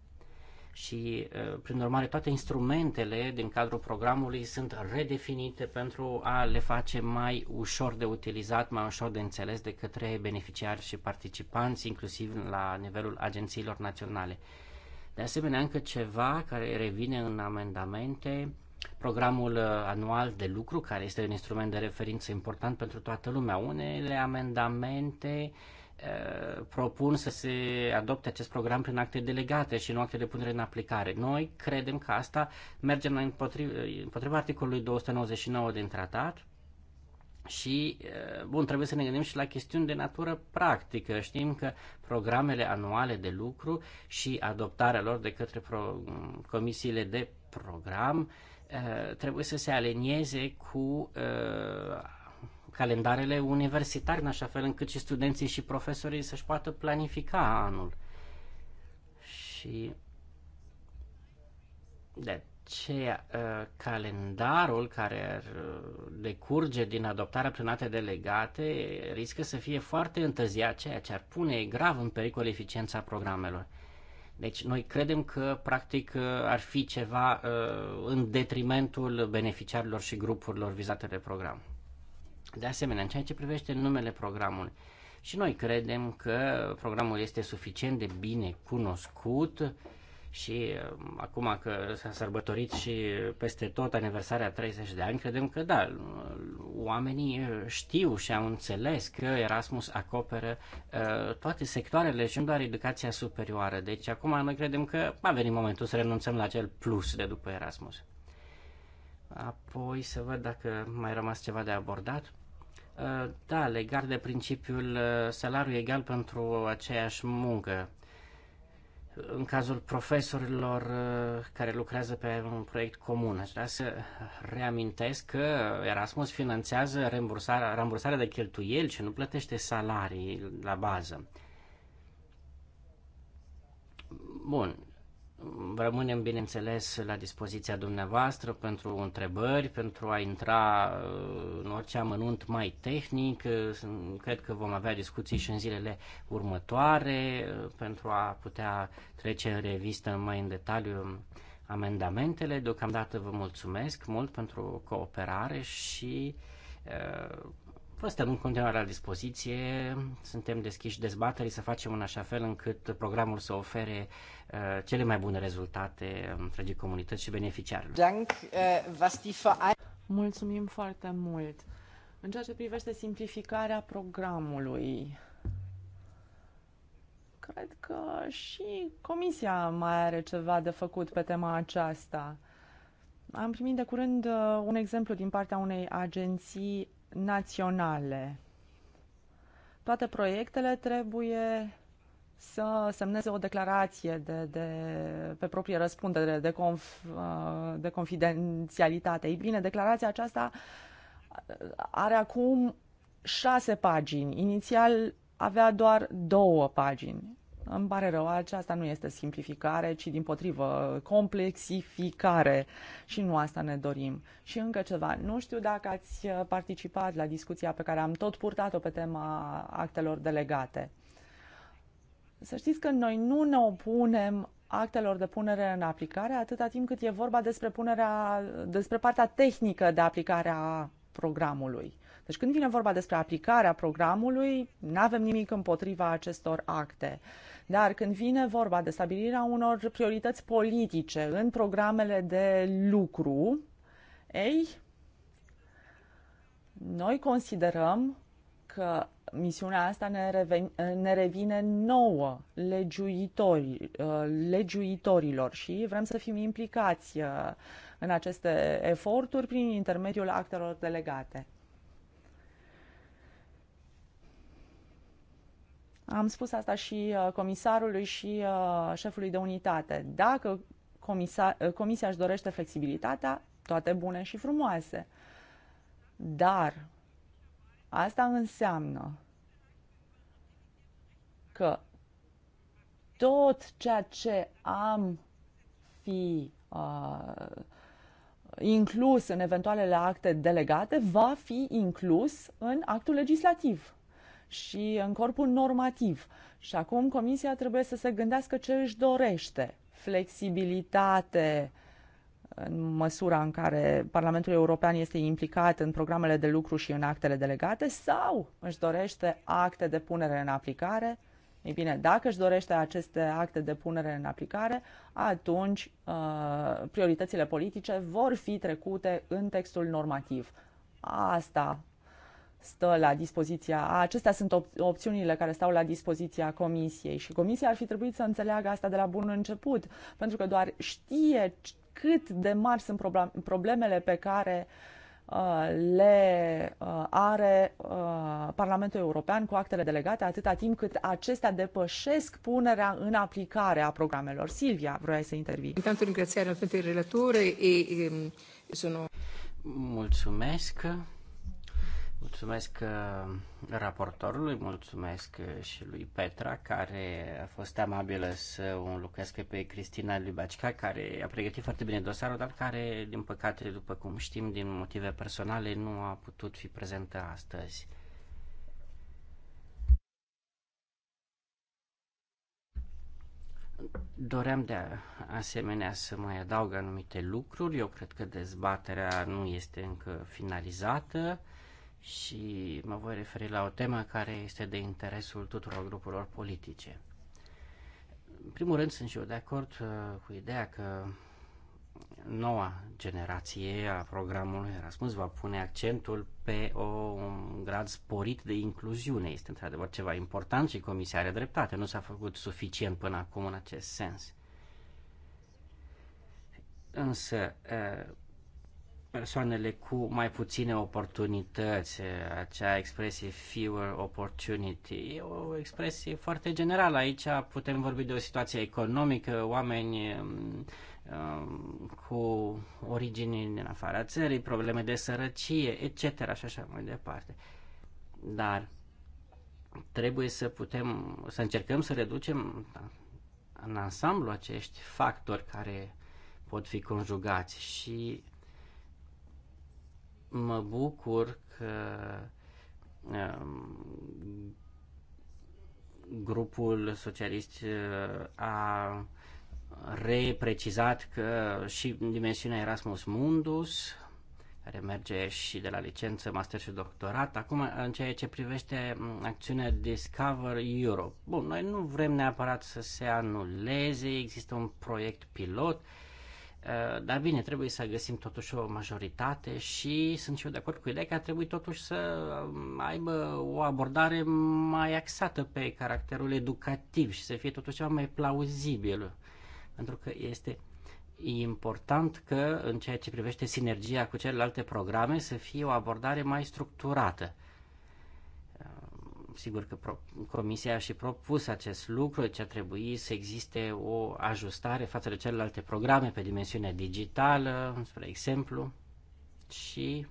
[SPEAKER 2] și, prin urmare, toate instrumentele din cadrul programului sunt redefinite pentru a le face mai ușor de utilizat, mai ușor de înțeles de către beneficiari și participanți, inclusiv la nivelul agențiilor naționale. De asemenea, încă ceva care revine în amendamente, programul anual de lucru, care este un instrument de referință important pentru toată lumea. Unele amendamente uh, Eh, propun să se adopte acest program prin acte delegate și nu acte de punere în aplicare. Noi credem că asta merge împotriva, împotriva articolului 299 din tratat și, eh, bun, trebuie să ne gândim și la chestiuni de natură practică. Știm că programele anuale de lucru și adoptarea lor de către pro, comisiile de program eh, trebuie să se alinieze cu calendarele universitare, în așa fel încât și studenții și profesorii să-și poată planifica anul. Și de uh, calendarul care uh, decurge din adoptarea prin delegate riscă să fie foarte întârziat, ceea ce ar pune grav în pericol eficiența programelor. Deci noi credem că practic uh, ar fi ceva uh, în detrimentul beneficiarilor și grupurilor vizate de program. De asemenea, în ceea ce privește numele programului, și noi credem că programul este suficient de bine cunoscut și uh, acum că s-a sărbătorit și peste tot aniversarea 30 de ani, credem că da, uh, oamenii uh, știu și au înțeles că Erasmus acoperă toate sectoarele și nu doar educația superioară. Deci acum noi credem că a venit momentul să renunțăm la acel plus de după Erasmus. Apoi să văd dacă mai rămas ceva de abordat. Da, legat de principiul uh, salariu egal pentru aceeași muncă. În cazul profesorilor uh, care lucrează pe un proiect comun, aș vrea să reamintesc că Erasmus finanțează rambursarea, rambursarea de cheltuieli și nu plătește salarii la bază. Bun, Rămânem, bineînțeles, la dispoziția dumneavoastră pentru întrebări, pentru a intra uh, în orice amănunt mai tehnic. Cred că vom avea discuții și în zilele următoare uh, pentru a putea trece în revistă mai în detaliu um, amendamentele. Deocamdată vă mulțumesc mult pentru cooperare și uh, vă stăm în continuare la dispoziție. Suntem deschiși dezbaterii să facem în așa fel încât programul să ofere Uh, cele mai bune rezultate întregii comunități și beneficiarilor.
[SPEAKER 1] Uh, Mulțumim foarte mult! În ceea ce privește simplificarea programului, cred că și Comisia mai are ceva de făcut pe tema aceasta. Am primit de curând uh, un exemplu din partea unei agenții naționale. Toate proiectele trebuie să semneze o declarație de, de, pe proprie răspundere de, conf, uh, de confidențialitate. Ei bine, declarația aceasta are acum șase pagini. Inițial avea doar două pagini. Îmi pare rău, aceasta nu este simplificare, ci din potrivă complexificare și nu asta ne dorim. Și încă ceva, nu știu dacă ați participat la discuția pe care am tot purtat-o pe tema actelor delegate. Să știți că noi nu ne opunem actelor de punere în aplicare atâta timp cât e vorba despre, punerea, despre partea tehnică de aplicare a programului. Deci când vine vorba despre aplicarea programului, nu avem nimic împotriva acestor acte. Dar când vine vorba de stabilirea unor priorități politice în programele de lucru, ei, noi considerăm că misiunea asta ne, reven, ne revine nouă, legiuitori, uh, legiuitorilor și vrem să fim implicați uh, în aceste eforturi prin intermediul actelor delegate. Am spus asta și uh, comisarului și șefului de unitate. Dacă comisar, comisia își dorește flexibilitatea, toate bune și frumoase. Dar Asta înseamnă că tot ceea ce am fi uh, inclus în eventualele acte delegate va fi inclus în actul legislativ și în corpul normativ. Și acum Comisia trebuie să se gândească ce își dorește. Flexibilitate, uh, în măsura în care Parlamentul European este implicat în programele de lucru și în actele delegate sau își dorește acte de punere în aplicare. Ei bine, dacă își dorește aceste acte de punere în aplicare, atunci uh, prioritățile politice vor fi trecute în textul normativ. Asta stă la dispoziția, acestea sunt op- opțiunile care stau la dispoziția comisiei și comisia ar fi trebuit să înțeleagă asta de la bun început, pentru că doar știe cât de mari sunt problemele pe care uh, le uh, are uh, Parlamentul European cu actele delegate atâta timp cât acestea depășesc punerea în aplicare a programelor. Silvia, vrea să intervii. Intanto ringraziare altamente il relatore e
[SPEAKER 2] sono... Mulțumesc. Mulțumesc uh, raportorului, mulțumesc uh, și lui Petra, care a fost amabilă să o înlocuiască pe Cristina Libacica, care a pregătit foarte bine dosarul, dar care, din păcate, după cum știm, din motive personale, nu a putut fi prezentă astăzi. Doream de asemenea să mai adaug anumite lucruri. Eu cred că dezbaterea nu este încă finalizată și mă voi referi la o temă care este de interesul tuturor grupurilor politice. În primul rând, sunt și eu de acord uh, cu ideea că noua generație a programului Erasmus va pune accentul pe o, un grad sporit de incluziune. Este într-adevăr ceva important și Comisia are dreptate. Nu s-a făcut suficient până acum în acest sens. Însă, uh, persoanele cu mai puține oportunități, acea expresie fewer opportunity. E o expresie foarte generală. Aici putem vorbi de o situație economică, oameni um, cu origini din afara țării, probleme de sărăcie, etc. și așa mai departe. Dar trebuie să putem, să încercăm să reducem da, în ansamblu acești factori care pot fi conjugați și Mă bucur că um, grupul socialist uh, a reprecizat că și dimensiunea Erasmus Mundus, care merge și de la licență, master și doctorat. Acum, în ceea ce privește um, acțiunea Discover Europe, bun, noi nu vrem neapărat să se anuleze, există un proiect pilot, uh, Eh, dar bine, trebuie să găsim totuși o majoritate și sunt și eu de acord cu ideea că ar trebui totuși să mm, aibă o abordare mai axată pe caracterul educativ și să fie totuși ceva mai plauzibil. Pentru că este important că în ceea ce privește sinergia cu celelalte programe să fie o abordare mai structurată sigur că Comisia și propus acest lucru, ce deci a trebuit să existe o ajustare față de celelalte programe pe dimensiunea digitală, spre exemplu, și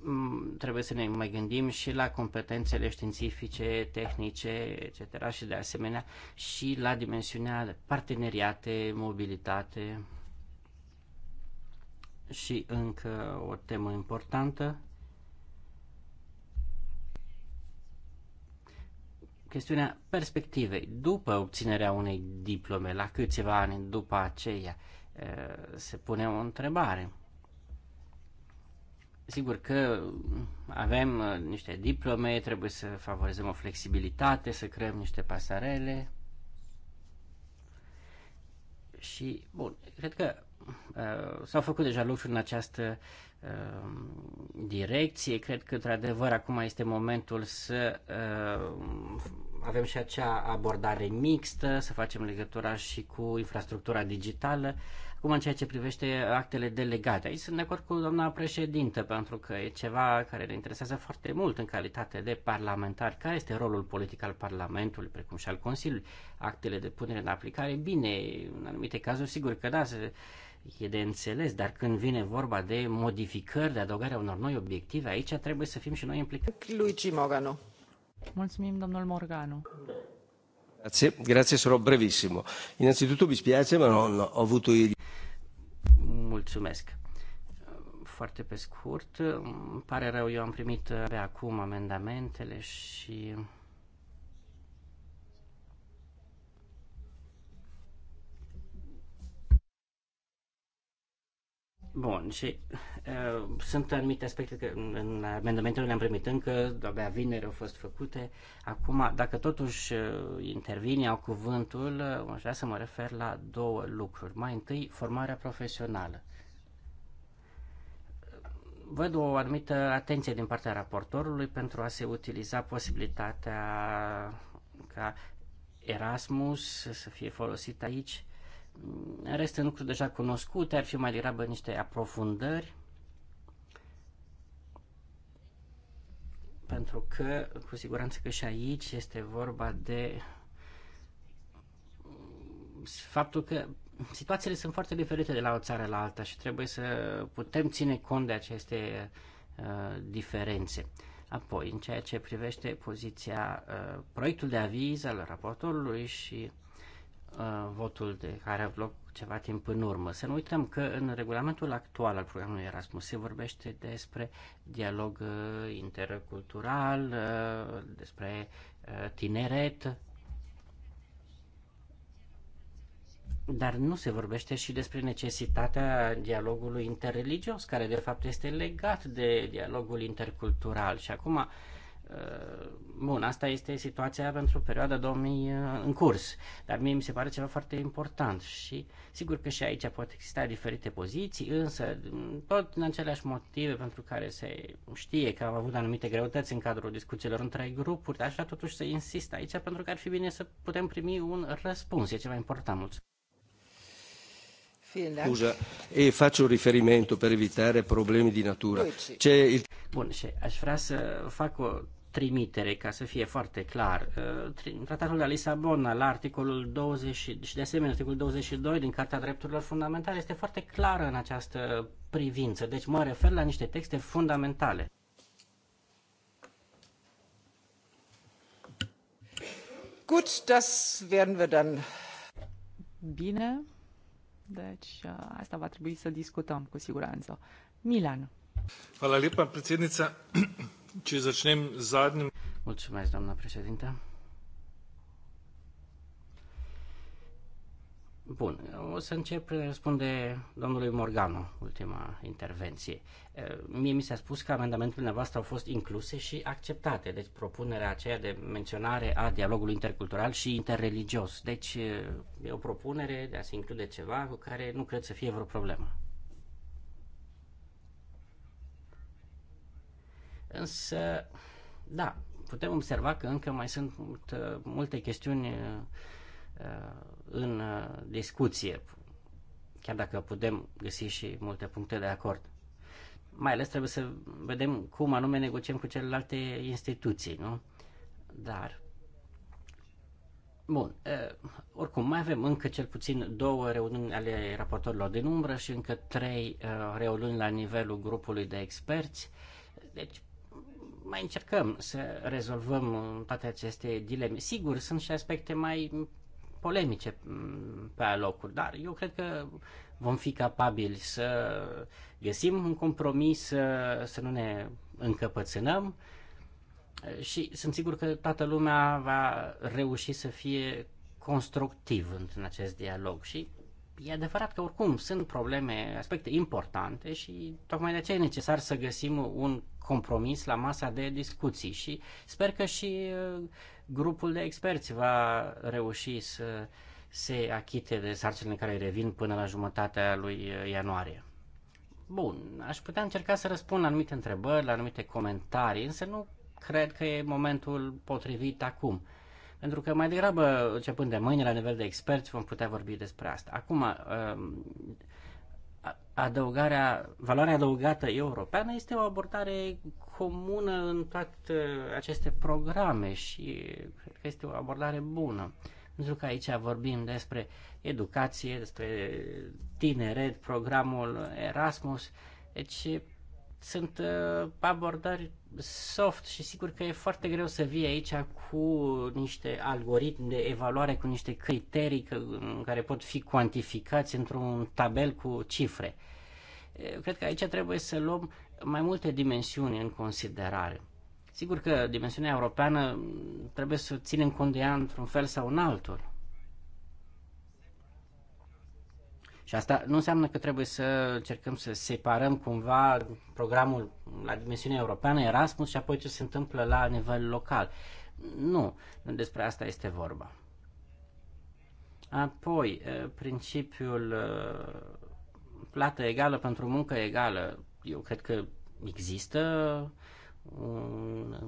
[SPEAKER 2] mm, trebuie să ne mai gândim și la competențele științifice, tehnice, etc. și de asemenea și la dimensiunea de parteneriate, mobilitate și încă o temă importantă chestiunea perspectivei. După obținerea unei diplome, la câțiva ani după aceea, se pune o întrebare. Sigur că avem niște diplome, trebuie să favorizăm o flexibilitate, să creăm niște pasarele. Și, bun, cred că uh, s-au făcut deja lucruri în această Um, direcție. Cred că, într-adevăr, acum este momentul să um, avem și acea abordare mixtă, să facem legătura și cu infrastructura digitală. Acum, în ceea ce privește actele delegate, aici sunt de acord cu doamna președintă, pentru că e ceva care ne interesează foarte mult în calitate de parlamentar. Care este rolul politic al Parlamentului, precum și al Consiliului? Actele de punere în aplicare, bine, în anumite cazuri, sigur că da, se, e de înțeles, dar când vine vorba de modificări, de adăugarea unor noi obiective, aici trebuie să fim și noi implicați. Luigi Morgano.
[SPEAKER 1] Mulțumim, domnul Morgano.
[SPEAKER 2] Grazie, grazie, sarò brevissimo. Innanzitutto mi spiace, ma non ho avuto il... Mulțumesc. Foarte pe scurt, îmi pare rău, eu am primit abia acum amendamentele și Bun, și uh, sunt anumite aspecte că în amendamentele le-am primit încă, abia vineri au fost făcute. Acum, dacă totuși uh, intervine, au cuvântul, uh, aș vrea să mă refer la două lucruri. Mai întâi, formarea profesională. Văd o anumită atenție din partea raportorului pentru a se utiliza posibilitatea ca Erasmus să fie folosit aici rest sunt lucruri deja cunoscute, ar fi mai degrabă niște aprofundări. Pentru că, cu siguranță că și aici este vorba de faptul că situațiile sunt foarte diferite de la o țară la alta și trebuie să putem ține cont de aceste uh, diferențe. Apoi, în ceea ce privește poziția, uh, proiectul de aviz al raportorului și uh, Uh, votul de care a loc ceva timp în urmă. Să nu uităm că în regulamentul actual al programului Erasmus se vorbește despre dialog uh, intercultural, uh, despre tineret, dar nu se vorbește și despre necesitatea dialogului interreligios, care de fapt este legat de dialogul intercultural. Și acum Uh, bun, asta este situația pentru perioada 2000 uh, în curs, dar mie mi se pare ceva foarte important și sigur că și aici pot exista diferite poziții, însă mm, tot în aceleași motive pentru care se știe că am avut anumite greutăți în cadrul discuțiilor între grupuri, aș vrea totuși să insist aici pentru că ar fi bine să putem primi un răspuns, e ceva important. Mulțumesc. Scuza,
[SPEAKER 3] e faccio riferimento per evitare problemi di natura. C'è il...
[SPEAKER 2] Bun, și aș vrea să fac o trimitere, ca să fie foarte clar. Uh, Tratatul de la Lisabona, la articolul 20 și de asemenea articolul 22 din Carta Drepturilor Fundamentale este foarte clară în această privință. Deci mă refer la niște texte fundamentale. Gut,
[SPEAKER 1] das werden wir dann. Bine. Deci uh, asta va trebui să discutăm cu siguranță. Milan.
[SPEAKER 2] Hvala lepa, predsednica. Ce začnem zadnjim... Mulțumesc, doamna președinte. Bun, o să încep prin răspunde domnului Morgano, ultima intervenție. Mie mi s-a spus că amendamentele dumneavoastră au fost incluse și acceptate, deci propunerea aceea de menționare a dialogului intercultural și interreligios. Deci e o propunere de a se include ceva cu care nu cred să fie vreo problemă. Însă, da, putem observa că încă mai sunt uh, multe chestiuni uh, uh, în discuție, chiar dacă putem găsi și multe puncte de acord. Mai ales trebuie să vedem cum anume negociem cu celelalte instituții, nu? Dar, bun, oricum, mai avem încă cel puțin două reuniuni ale raportorilor din umbră și încă trei reuniuni la nivelul grupului de experți. Deci, mai încercăm să rezolvăm toate aceste dileme. Sigur, sunt și aspecte mai polemice mm, pe alocuri, dar eu cred că vom fi capabili să găsim un compromis, să, să nu ne încăpățânăm și sunt sigur că toată lumea va reuși să fie constructiv în acest dialog și E adevărat că oricum sunt probleme, aspecte importante și tocmai de aceea e necesar să găsim un compromis la masa de discuții și sper că și uh, grupul de experți va reuși să se achite de sarcinile care revin până la jumătatea lui uh, ianuarie. Bun, aș putea încerca să răspund la anumite întrebări, la anumite comentarii, însă nu cred că e momentul potrivit acum. Pentru că mai degrabă, începând de mâine, la nivel de experți, vom putea vorbi despre asta. Acum, um, adăugarea, valoarea adăugată europeană este o abordare comună în toate uh, aceste programe și cred că este o abordare bună. Pentru că aici vorbim despre educație, despre tineret, programul Erasmus, deci sunt uh, abordări soft și sigur că e foarte greu să vii aici cu niște algoritmi de evaluare, cu niște criterii care pot fi cuantificați într-un tabel cu cifre. Cred că aici trebuie să luăm mai multe dimensiuni în considerare. Sigur că dimensiunea europeană trebuie să ținem cont de ea într-un fel sau în altul. Și asta nu înseamnă că trebuie să încercăm să separăm cumva programul la dimensiunea europeană, Erasmus, și apoi ce se întâmplă la nivel local. Nu, despre asta este vorba. Apoi, principiul plată egală pentru muncă egală. Eu cred că există un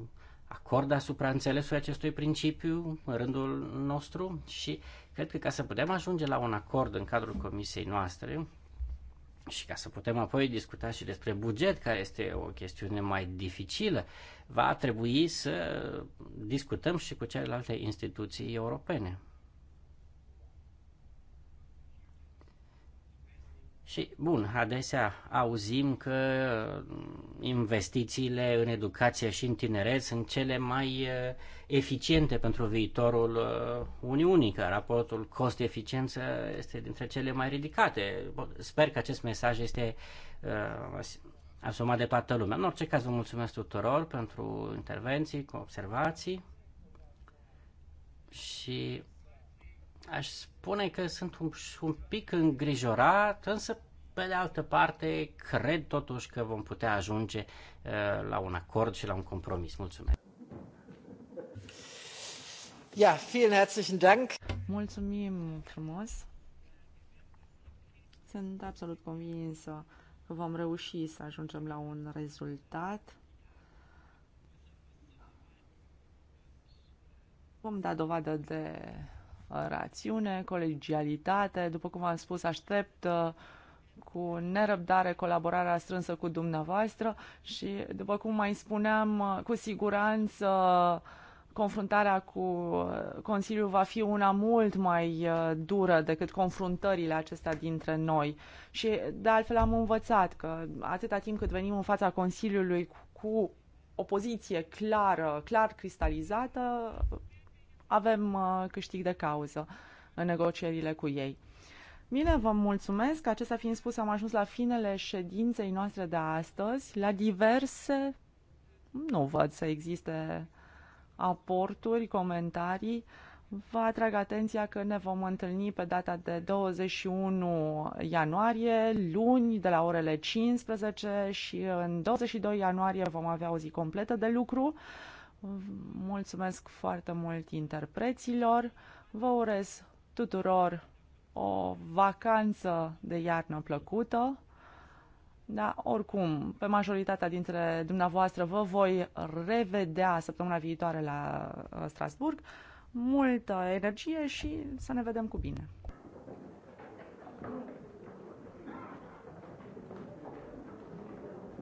[SPEAKER 2] acord asupra înțelesului acestui principiu în rândul nostru și Cred că ca să putem ajunge la un acord în cadrul comisiei noastre și ca să putem apoi discuta și despre buget, care este o chestiune mai dificilă, va trebui să discutăm și cu celelalte instituții europene. Și, bun, adesea auzim că investițiile în educație și în tineret sunt cele mai uh, eficiente pentru viitorul uh, Uniunii, că raportul cost-eficiență este dintre cele mai ridicate. Sper că acest mesaj este uh, asumat de toată lumea. În orice caz, vă mulțumesc tuturor pentru intervenții, observații și aș spune că sunt un, un pic îngrijorat, însă pe de altă parte cred totuși că vom putea ajunge uh, la un acord și la un compromis. Mulțumesc! Ja, vielen herzlichen Dank.
[SPEAKER 1] Mulțumim frumos. Sunt absolut convinsă că vom reuși să ajungem la un rezultat. Vom da dovadă de rațiune, colegialitate. După cum am spus, aștept uh, cu nerăbdare colaborarea strânsă cu dumneavoastră și, după cum mai spuneam, uh, cu siguranță confruntarea cu uh, Consiliul va fi una mult mai dură decât confruntările acestea dintre noi. Și, de altfel, am învățat că atâta timp cât venim în fața Consiliului cu o poziție clară, clar cristalizată, avem uh, câștig de cauză în negocierile cu ei. Bine, vă mulțumesc. Acesta fiind spus, am ajuns la finele ședinței noastre de astăzi. La diverse, nu văd să existe aporturi, comentarii. Vă atrag atenția că ne vom întâlni pe data de 21 ianuarie, luni, de la orele 15 și în 22 ianuarie vom avea o zi completă de lucru. Mulțumesc foarte mult interpreților. Vă urez tuturor o vacanță de iarnă plăcută. Da, oricum, pe majoritatea dintre dumneavoastră vă voi revedea săptămâna viitoare la uh, Strasburg. Multă energie și să ne vedem cu bine!